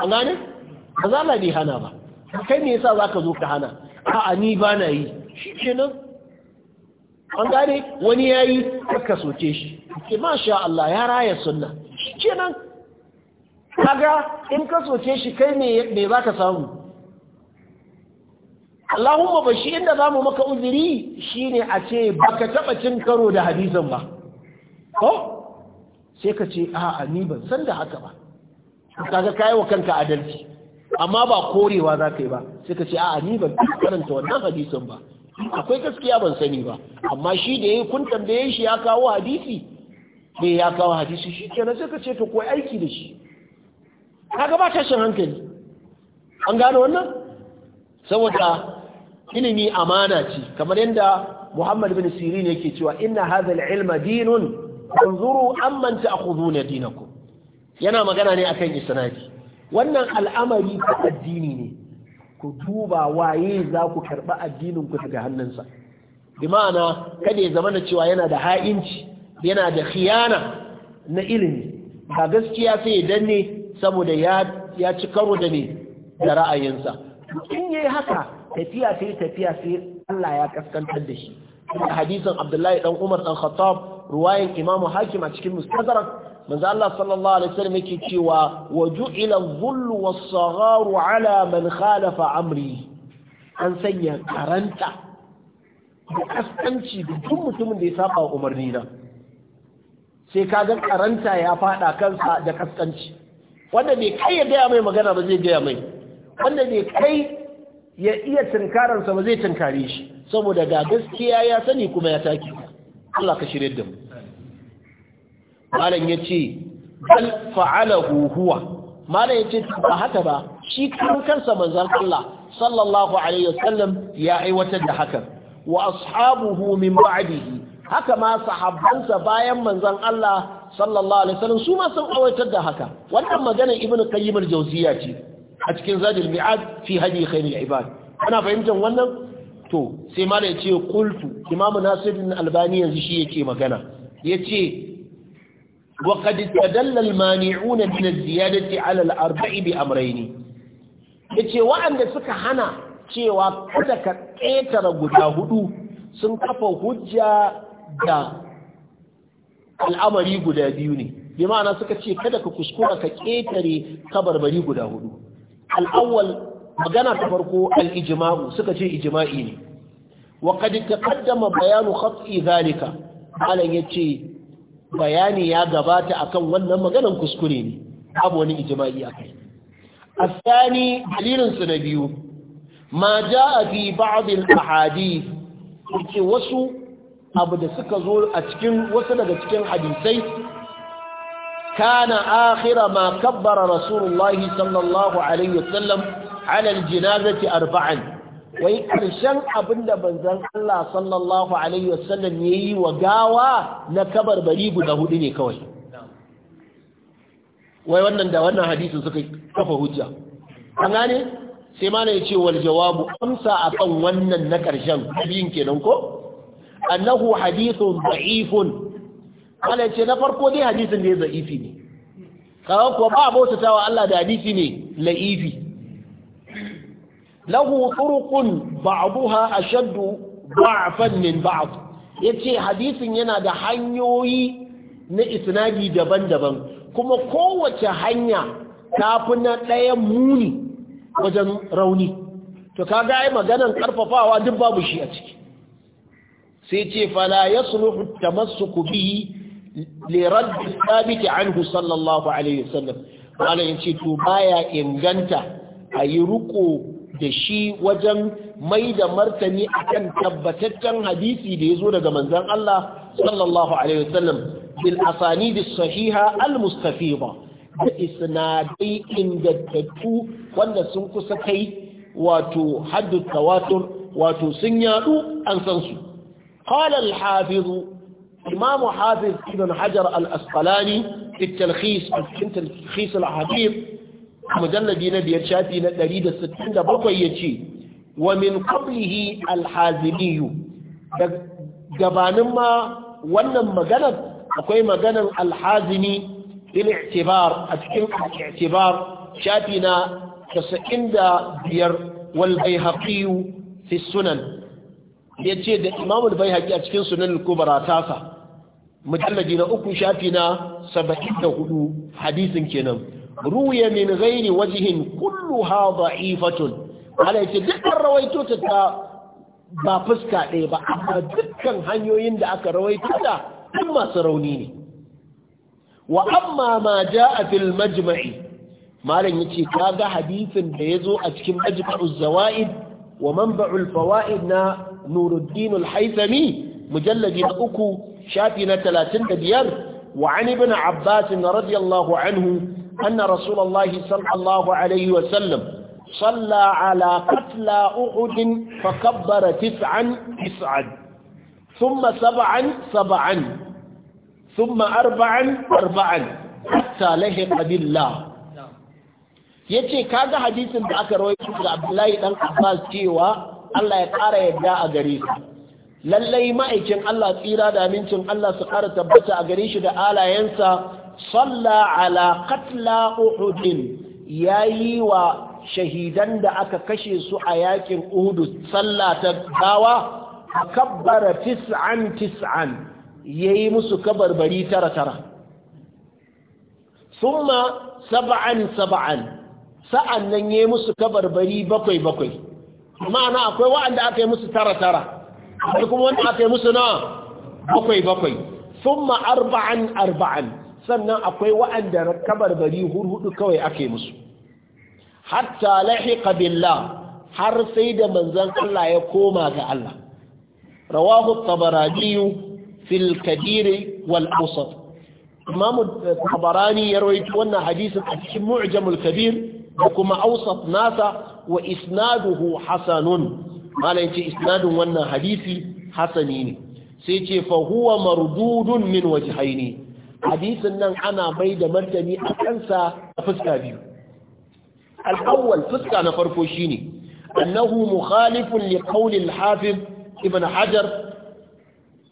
أغاني من الله بيهنا با تقيم يسا ذاك ذوك هنا أعني بانا يي شكنا an gane wani ya yi aka soke shi ke masha Allah ya raya sunna kenan kaga in ka soke shi kai ne me ba ka samu Allahumma ba shi inda za mu maka uzuri shine a ce baka taɓa cin karo da hadisan ba ko sai ka ce a'a ni ban san da haka ba kaga kai wa kanka adalci amma ba korewa za ka yi ba sai ka ce a'a ni ban karanta wannan hadisan ba akwai gaskiya ban sani ba amma shi da yayi kun tambaye shi ya kawo hadisi me ya kawo hadisi shi kenan sai ce ta koyi aiki da shi kaga ba tashin hankali an gano wannan saboda ilimi amana ce kamar yadda Muhammad bin Sirin yake cewa inna hadha al-ilma dinun anzuru amman ta'khuduna dinakum yana magana ne akan isnadi wannan al'amari ta addini ne ku duba waye za ku karɓa addinin ku daga hannunsa bi ma'ana kada ya zama cewa yana da ha'inci yana da khiyana na ilimi ba gaskiya sai ya danne saboda ya ci karo da ne da ra'ayinsa in yi haka tafiya sai tafiya sai Allah ya kaskantar da shi hadisin Abdullahi dan Umar dan Khattab ruwayan Imam Hakim a cikin Mustadrak manzo Allah sallallahu alaihi wasallam yake cewa waju ila dhullu was-sagharu ala man khalafa amri an sanya karanta da kaskanci da duk mutumin da ya saba umarni na sai ka ga karanta ya fada kansa da kaskanci wanda bai kai ya gaya mai magana ba zai gaya mai wanda bai kai ya iya tunkararsa ba zai tunkare shi saboda ga gaskiya ya sani kuma ya take Allah ka shirye da mu malam yace bal fa'alahu huwa malam yace ba haka ba shi kan kansa manzon Allah sallallahu alaihi wasallam ya aiwatar da haka wa ashabuhu min ba'dihi haka ma sahabbansa bayan manzon Allah sallallahu alaihi wasallam su ma sun awaitar da haka wannan maganar ibnu qayyim al-jawziyya ce a cikin zadul mi'ad fi hadi khairil ibad ana fahimtar wannan to sai ma ya ce qultu imamu nasiruddin albani yanzu shi yake magana yace wa qad tadalla al-mani'una min az-ziyadati 'ala al-arba'i bi amrayn yace wa'anda suka hana cewa kada ka ƙetare guda hudu sun kafa hujja da al'amari guda biyu ne bi ma'ana suka ce kada ka kuskura ka ƙetare kabarbari guda hudu al'awwal magana ta farko alijima'u suka ce ijima'i ne wa qad taqaddama bayanu khat'i zalika malan yace bayani ya gabata akan wannan maganan kuskure ne abu wani ijma'i akai الثاني دليل سنبيو ما جاء في بعض الأحاديث wasu abu da suka zo a cikin wasu daga cikin hadisai kana akhira ma kabbara rasulullahi sallallahu alaihi wasallam ala aljinazati arba'an wai karshen abinda banzan Allah sallallahu alaihi wasallam yayi wa gawa na kabar Bari guda hudu ne kawai wai wannan da wannan hadisin suka kafa hujja an gane sai ma ne ce wal jawabu amsa akan wannan na karshen biyun kenan ko annahu hadithun da'ifun Allah ce na farko dai hadisin da ya za'ifi ne kawo kuwa ba wa Allah da hadisi ne la'ifi lahu turuqun ba'daha ashaddu da'fan min ba'd yace hadisin yana da hanyoyi na isnadi daban-daban kuma kowace hanya tafi na ɗayan muni wajen rauni to kaga ai maganan karfafawa duk babu shi a ciki sai ce fala yasluhu tamassuku masu li radd thabit anhu sallallahu alaihi wasallam ya ce to baya inganta a yi ruko da shi wajen mai da martani akan tabbataccen hadisi da ya zo daga manzon Allah sallallahu alaihi wasallam bil asanid as-sahiha al-mustafida da isnadai ingantattu wanda sun kusa kai wato haddu tawatur wato sun yadu an san su قال الحافظ إمام حافظ ابن حجر الأسقلاني في التلخيص في تلخيص الحديث مجلد نبي الشافي نريد الستين دبقى يجي ومن قبله الحازمي gabanin ma wannan maganar akwai maganar alhazini bil i'tibar a cikin i'tibar shafi na 95 wal bayhaqi fi sunan ya ce da imamul bai haƙi a cikin sunan kubara tasa mujallaji na uku shafi na saba'in da hudu hadisin kenan Ruyamin min wajihin kullu ha da'ifatun ala yace dukkan rawaito ta ta ba fuska ɗaya ba amma dukkan hanyoyin da aka rawaito ta duk masu rauni ne wa amma ma a fil majma'i malam yace kaga hadisin da yazo a cikin majma'u zawaid wa manba'ul fawaid na nuruddin al-haythami mujalladi na uku shafi na talatin da biyar wa an ibn abbas radiyallahu anhu anna rasulullahi sallallahu alaihi wa sallam salla ala qatla uhud fa kabbara tis'an tis'an thumma sab'an sab'an thumma arba'an arba'an hatta lahiqa yace kaga hadisin da aka rawaito daga Abdullahi dan Abbas cewa Allah ya ƙara yadda a gare su lallai ma'aikin Allah tsira da amincin Allah su ƙara tabbata a gare shi da alayensa salla ala katla uhudin ya yi wa shahidan da aka kashe su a yakin uhudu salla ta gawa kabbara tis'an tis'an ya yi musu kabarbari tara tara summa saba'an saba'an sa'an nan ya yi musu kabarbari bakwai bakwai ma'ana akwai wa'anda aka yi musu tara-tara kuma wanda aka yi musu na bakwai-bakwai sun arba'an arba'an sannan akwai wa'anda kabarbari hurhudu kawai aka yi musu hatta lahiqa ƙabila har sai da manzon Allah ya koma ga Allah rawahu tabarani fil kadir wal awsat imam tabarani ya rawaito wannan hadisin a cikin mu'jamul kabir da kuma awsat nasa wa isnaduhu hasanun malam yace isnadun wannan hadisi hasani ne sai ce fa huwa mardudun min haini. hadisin nan ana mai da martani a kansa a fuska biyu al-awwal fuska na farko shine annahu mukhalifun li qawli hafif, hafiz ibn hajar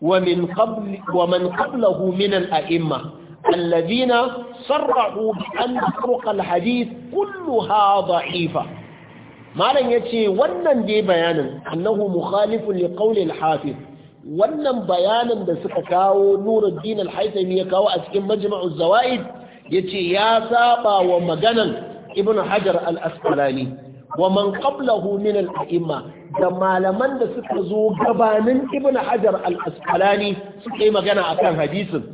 wa min man kablahu min al-a'imma الذين صرحوا بأن طرق الحديث كلها ضعيفة malam yace wannan dai bayanin annahu mukhalifun li qawli al-hafiz wannan bayanin da suka kawo Nuruddin al-Haythami ya kawo a cikin Majma'uz Zawaid yace ya saba wa maganan Ibn Hajar al-Asqalani wa man qablahu min al-a'imma da malaman da suka zo gabanin Ibn Hajar al-Asqalani suka yi magana akan hadisin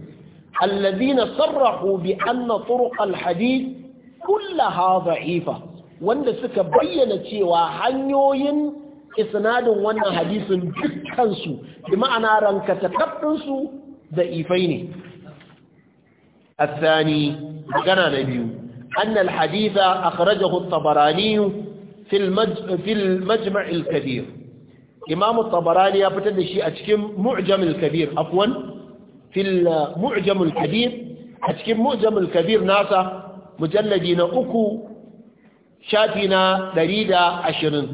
alladhina sarrahu bi anna turuq al-hadith kullaha dha'ifa wanda suka bayyana cewa hanyoyin isnadin wannan hadisin dukkansu bi ma'ana rankata kaɗinsu da ifai ne الثاني مجانا نبيو أن الحديث أخرجه الطبراني في, المج... في المجمع الكبير إمام الطبراني أبتد شيء أتكم معجم الكبير عفوا في المعجم الكبير أتكم معجم الكبير ناسا مجلدين أكو shafi na ɗari da ashirin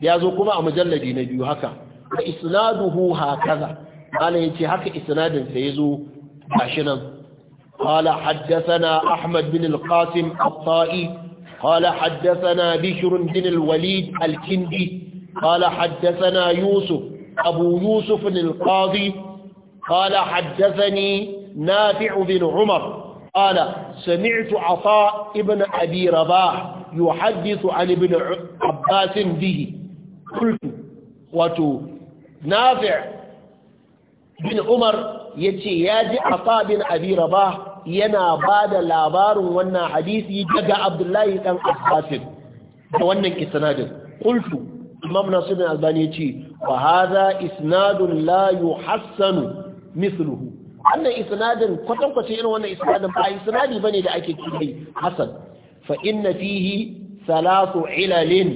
ya zo kuma a mujallabi na biyu haka da isnaduhu haka za ana yin ce haka isnadinsa ya zo ashirin kala haddasana ahmad bin alkasim al-ta'i kala haddasana bishirun bin alwalid al-kindi kala haddasana yusuf abu yusufin alkazi kala haddasani na fi'u bin umar قال سمعت عطاء ابن أبي رباح يحدث عن ابن عباس به قلت وتو نافع بن عمر يتي ياجي عطاء بن أبي رباح yana ba da labarin wannan hadisi daga abdullahi ɗan abbasin da wannan isnadin ƙultu imam nasirin albani ya ce wa haza isnadun la Hassanu misluhu wannan isnadin kwatankwacin irin wannan isnadin ba isnadi bane da ake kidai hasan fa inna fihi salatu ilalin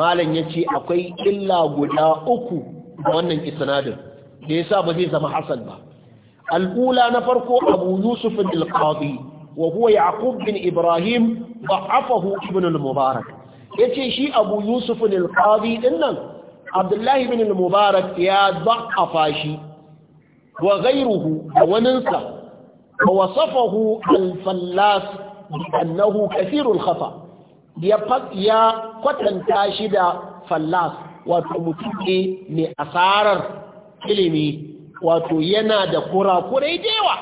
malam yace akwai illa guda uku da wannan isnadin da sa ba zai zama hasan ba al'ula na farko abu yusuf al-qadi wa huwa yaqub bin ibrahim da'afahu ibn al-mubarak yace shi abu yusuf al din nan, abdullahi bin al-mubarak ya da'afa shi wa ghayruhu da waninsa wa wasafahu al-fallas annahu kathirul khafa, ya ya kwatanta shi da fallas wato mutum ne mai asarar ilimi wato yana da kurakurai da yawa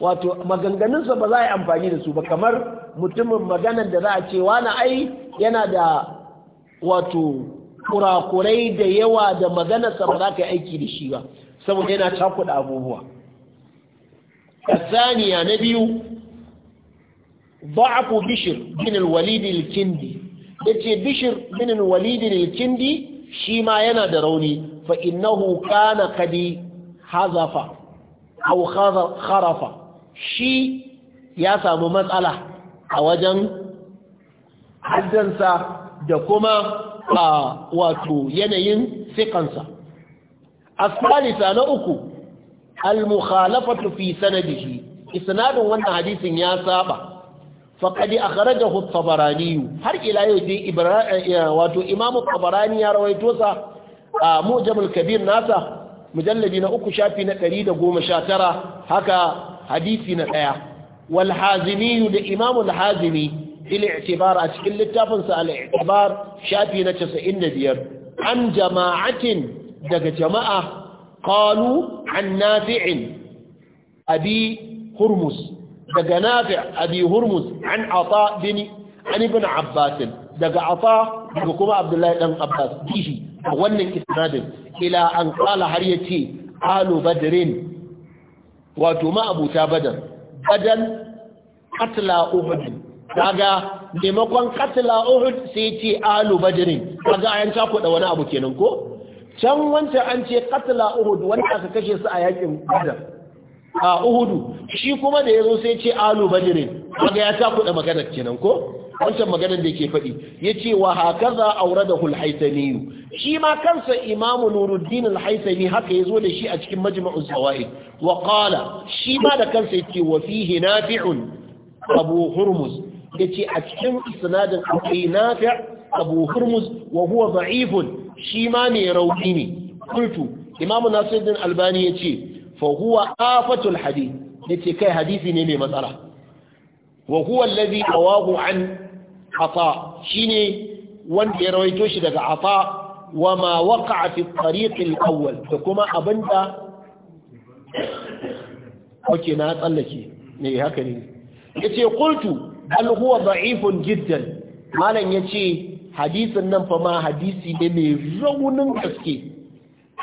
wato maganganunsa ba za a yi amfani da su ba kamar mutumin maganar da za a ce wani ai yana da wato kurakurai da yawa da maganarsa ba za ka yi aiki da shi ba saboda yana cakuɗa abubuwa azaniya na biyu ba'afu bishir bin walidin kindi da bishir bin walidin kindi shi ma yana da rauni fa'inahu kana kadi hazafa au harafa shi ya sami matsala a wajen hajjansa da kuma a wato yanayin sikansa asalisa na uku al-mukhalafatu fi sanadihi isnadun wannan hadisin ya saba faqadi akhrajahu at-tabarani har ila yau dai ibrahim wato imam at ya rawaito sa a mujam al-kabir nasa mujallabi na uku shafi na 119 haka hadisi na ɗaya, wal da imam al a cikin littafin sa al-i'tibar shafi na 95 an jama'atin daga jama'a qalu an nafi'in abi hurmus daga nafi' abi hurmus an ata bin an ibn abbas daga ata daga kuma abdullahi dan abbas bihi wannan isnadin ila an qala har yace alu badrin wato ma abuta badar badan katla uhud kaga maimakon katla uhud sai ce alu badrin kaga ayan ta kuɗa wani abu kenan ko can wancan an ce katla uhud wani aka kashe su a yakin badar a uhudu shi kuma da ya zo sai ce alu badirin kaga ya takuda maganar kenan ko wancan maganar da ke faɗi ya ce wa hakaza auradahu al-haythami shi ma kansa imamu nuruddin al haka ya zo da shi a cikin majma'ul Sawa'i. wa kala shi ma da kansa yake wa fihi nafi'un abu Ya yace a cikin sinadin akwai nafi' abu Hurmus wa huwa da'ifun shi ma mai rauni ne kultu imamu nasiruddin albani ya ce fa huwa afatul hadith ya ce kai hadisi ne mai matsala wa huwa allazi rawahu an ata shine wanda ya rawaito shi daga ata wa ma waqa'a fi tariq al-awwal kuma abinda oke na tsallake ne haka ne yace qultu bal huwa da'ifun jiddan malan yace hadisin nan fa ma hadisi ne mai raunin gaske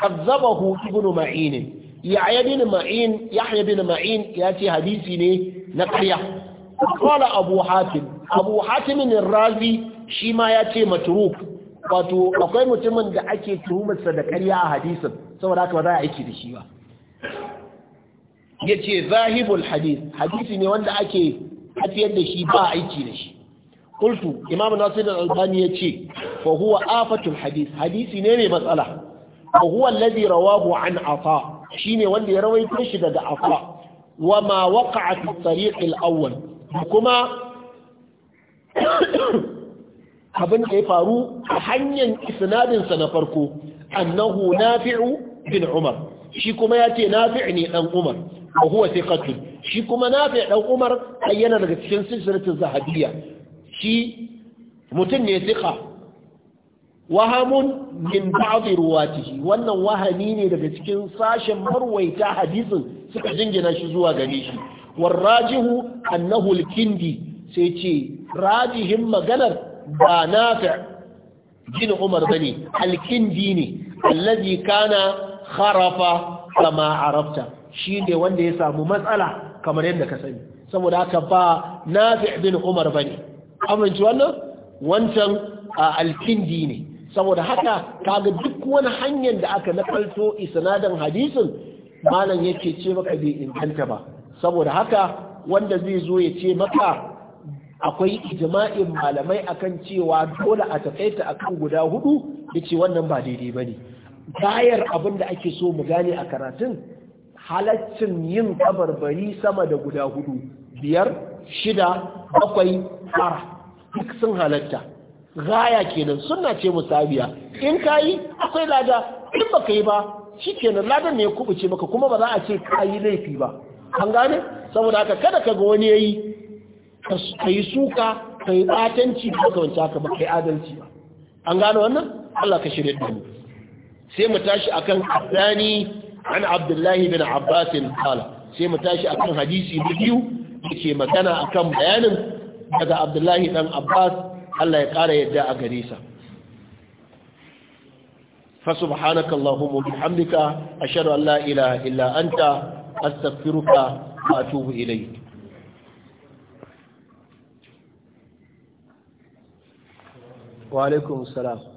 kazzabahu ibnu ma'in ya ayyadin ma'in yahya bin ma'in ya ce hadisi ne na ƙarya qala abu hatim abu hatim ne razi shi ma ya ce matruk wato akwai mutumin da ake tuhumarsa da ƙarya a hadisin saboda haka ba za a aiki da shi ba yace zahibul hadis hadisi ne wanda ake tafiyar da shi ba aiki da shi kultu imam nasir al-albani yace fa huwa afatul hadith hadisi ne mai matsala fa huwa alladhi rawahu an afa shine wanda ya rawaito shi daga afa wa ma waqa'a fi tariq al-awwal kuma abin da ya faru a hanyar isnadin sa na farko annahu nafi'u bin umar shi kuma yace nafi' ne dan umar wa huwa thiqatun shi kuma nafi' dan umar ayyana daga cikin silsilatul zahabiyya shi mutum ne siƙa wahamun min ba'dhi ruwatihi wannan wahani ne daga cikin sashen marwaita hadisin suka jingina shi zuwa gare shi warrajihu annahu al-kindi sai ce rajihin maganar ba nafi' jin Umar bane al-kindi ne allazi kana kharafa kama Shi ne wanda ya samu matsala kamar yadda ka sani saboda haka ba nafi' bin Umar bane amince wannan wancan a alkindi ne saboda haka kaga duk wani hanyar da aka nakalto isnadin hadisin malam yake ce maka bai inganta ba saboda haka wanda zai zo ya ce maka akwai ijma'in malamai akan cewa dole a takaita akan guda hudu yace wannan ba daidai bane bayar abin da ake so mu gane a karatun halaccin yin kabarbari sama da guda hudu biyar shida bakwai tara duk sun halatta gaya kenan suna ce mu musabiya in kayi akwai lada in baka yi ba shikenan ladan ne ya kubuce maka kuma ba za a ce kayi laifi ba an gane saboda haka kada ka ga wani yayi ka yi suka ka yi batanci ko ka wanci haka ba ka yi adalci ba an gane wannan Allah ka shirye da mu sai mu tashi akan azani an abdullahi bin Abbas qala sai mu tashi akan hadisi biyu ke magana akan bayanin daga Abdullahi dan Abbas Allah ya ƙara yadda a gare sa fa subhanaka allahumma bihamdika ashhadu an la ilaha illa anta astaghfiruka wa atubu ilayk wa alaikum salam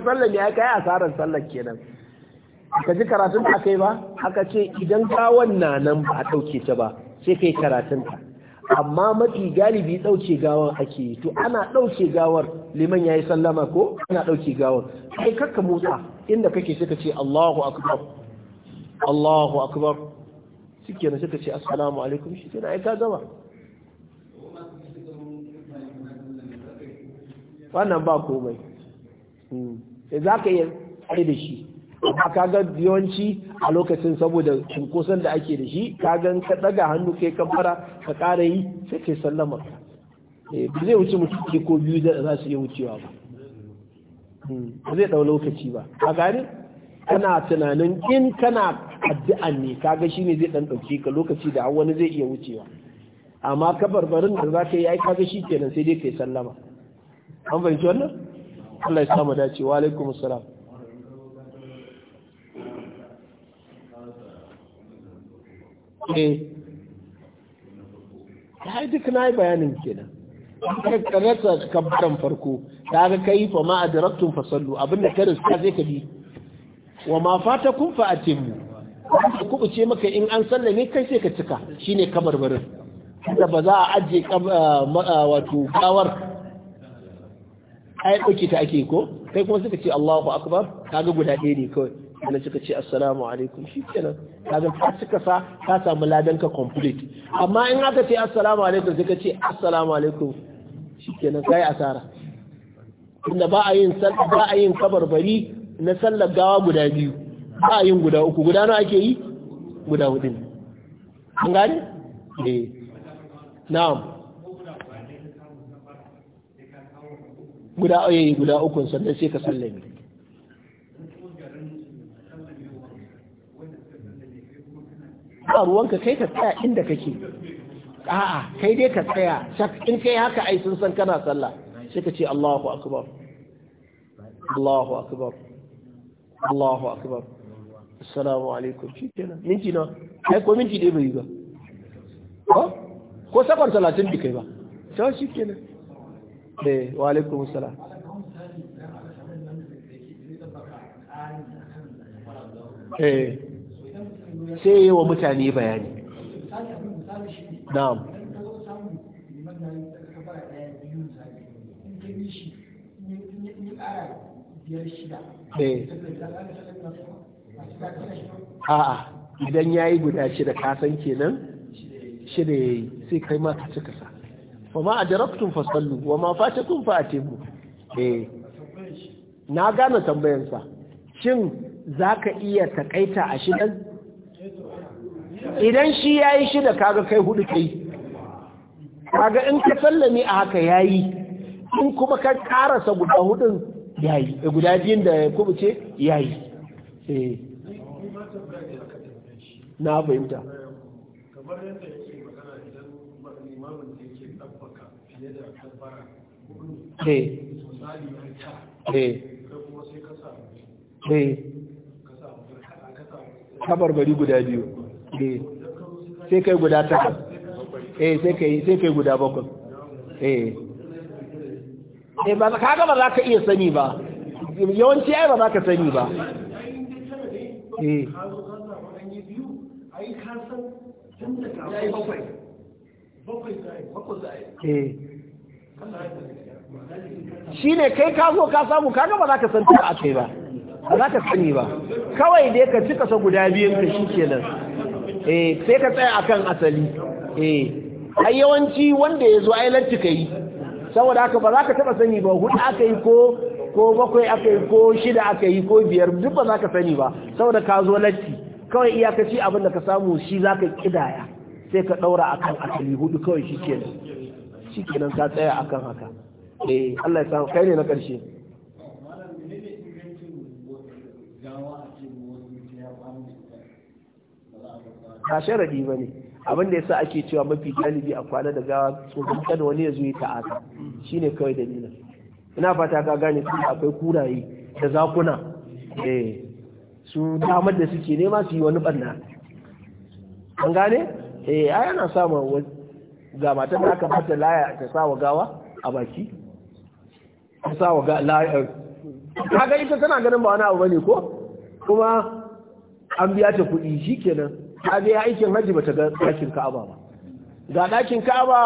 ka ne ya kai asarar sallar kenan ka ji karatun ta kai ba aka ce idan gawan na nan ba a ɗauke ta ba sai kai karatun ta amma mafi galibi ɗauke gawar ake yi to ana ɗauke gawar liman ya yi sallama ko ana ɗauke gawar kai kakka motsa inda kake suka ce Allahu akbar Allahu akbar suke na suka ce assalamu alaikum shi kenan ai ka gama wannan ba komai E za ka iya tsaye da shi amma ka ga yawanci a lokacin saboda cunkoson da ake da shi ka ga ka daga hannu kai ka fara ka ƙara yi sai kai sallama Eh ba zai wuce mutum ko biyu da za su iya wucewa ba hmm, ba zai ɗau lokaci ba a gani kana tunanin in kana addu'an ne kaga ne zai ɗan ɗauke ka lokaci da wani zai iya wucewa amma ka kabarbarin da za ka yi ai kaga shi kenan sai dai kai sallama an fahimci wannan Allah ya samu dace wa alaikum salam eh duk na yi bayanin kenan ka rasa kabbaran farko ta ga kai fa ma adraktun fa sallu abinda ka riska zai ka bi wa ma fatakum fa Kuma kuɓu kubuce maka in an sallame kai sai ka cika shine kabarbarin da ba za a ajiye eh, eh, wato gawar ai ɗauki ta ake ko kai kuma suka ce Allahu akbar kaga guda ɗaya ne kawai wanda suka ce assalamu alaikum shi kenan kaga ka cika sa ka samu ladan ka complete amma in aka ce assalamu alaikum suka ka ce assalamu alaikum shi kenan kai asara inda ba a yin ba a yin bari na sallar gawa guda biyu ba a yin guda uku guda nawa ake yi guda hudu ne an gane eh na'am guda ayayi eh, guda uku sannan sai ka sallame a ruwanka kai ka tsaya inda kake a'a kai dai ka tsaya shak in kai haka ai sun san kana sallah sai ka ce Allahu akbar Allahu akbar Allahu akbar assalamu alaikum shikenan minti na kai ko minti dai bai yi ba ko sakon talatin bai kai ba to shikenan eh wa eh, sai yi wa mutane bayani na'am eh. a'a idan ya yi guda shida kasan kenan shida ya yi sai kai ma ka cika sa wa ma adraktum fasallu wa ma fatakum fa atimu eh na gane tambayansa shin zaka iya takaita a shidan idan shi yayi shida kaga kai hudu kai kaga in ka sallame a haka yayi in kuma ka karasa guda hudun yayi guda biyun da ya kubuce yayi eh na fahimta kamar yadda yake magana idan limamin kabarbari guda biyu sai kai guda takwas eh sai kai guda bakwai eh eh ba ka za ka iya sani ba yawanci ai ba za ka sani ba eh shi ne kai ka zo ka samu kaga ba za ka san tuka a kai ba ba za ka sani ba kawai dai ka cika sa guda biyun ka shi nan eh sai ka tsaya akan asali eh ai yawanci wanda ya zo ai latti yi saboda haka ba za ka taba sani ba hudu aka yi ko ko bakwai aka yi ko shida aka yi ko biyar duk ba za ka sani ba saboda ka zo latti kawai iyakaci abin da ka samu shi za ka kidaya sai ka daura akan asali hudu kawai shi ke nan. shi kenan ka tsaya akan haka eh Allah ya samu kai ne na ƙarshe ba sharadi ba ne abin da yasa ake cewa mafi galibi a kwana da gawa tsoron kada wani ya zo ya ta'ata shine kawai dalilin ina fata ka gane su akwai kuraye da zakuna eh su damar da suke nema su yi wani banna an gane eh ai ana samun ga matan da aka bata laya ta sa wa gawa a baki ta sa wa laya eh, ga ita tana ganin ba wani abu bane ko kuma an biya ta kuɗi shikenan ga ya aikin haji bata ga ɗakin Ka'aba ba ga ɗakin Ka'aba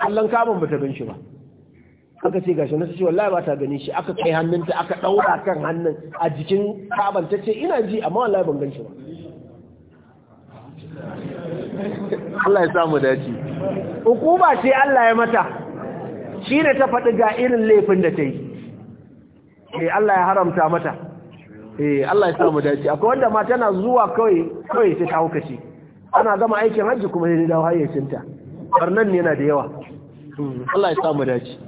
kallon Ka'aban bata gan shi ba aka ce gashi na ce wallahi ba ta gani shi aka kai hannunta aka daura kan hannun a jikin Ka'aban ta ce ina ji amma wallahi ban gan ba Allah ya samu dace hukuma ce Allah ya mata shi ne ta faɗi ga irin laifin da ta yi eh Allah ya haramta mata eh Allah ya samu dace akwai wanda mata na zuwa kawai kawai ta ta hukaci ana zama aikin hajji kuma sai dawo hayyacinta nan ne yana da yawa hmm, Allah ya samu dace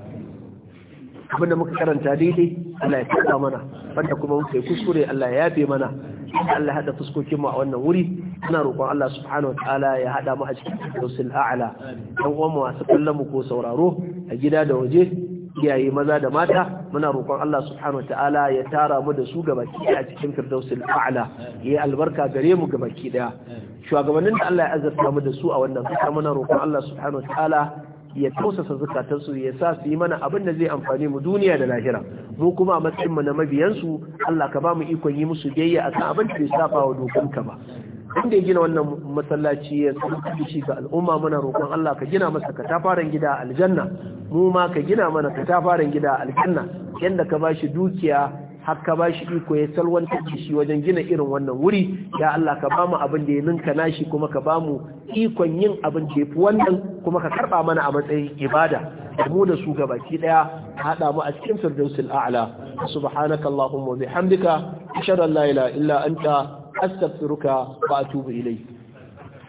abinda muka karanta daidai Allah ya kada mana wanda kuma muka yi kuskure Allah ya yafe mana Allah ya haɗa fuskokin a wannan wuri ina roƙon Allah subhanahu wataala ya haɗa mu a cikin tausil a'la dan uwan mu masu kallon mu ko sauraro a gida da waje iyaye maza da mata muna roƙon Allah subhanahu wataala ya tara mu da su gabaki a cikin firdausil a'la ya albarka gare mu gabaki daya shugabannin da Allah ya azurta mu da su a wannan kasa muna roƙon Allah subhanahu wataala ya tausasa zukatansu ya sa su yi mana abin da zai amfani mu duniya da lahira mu kuma a matsayin mu na mabiyansu Allah ka ba mu ikon yi musu biyayya akan abin da bai saba wa dokanka ba wanda ya gina wannan masallaci ya tsaye shi ga al'umma muna roƙon Allah ka gina masa ka tafaran gida a aljanna mu ma ka gina mana ka tafaran gida a aljanna yanda ka bashi dukiya har ka bashi iko ya salwantar shi wajen gina irin wannan wuri ya Allah ka bamu abin da ya ninka nashi kuma ka bamu ikon yin abin da yafi wannan kuma ka karba mana a matsayin ibada mu da su gabaki daya hada mu a cikin firdausul a'la subhanakallahumma wa bihamdika ashhadu an la ilaha illa anta ba wa atubu ilayk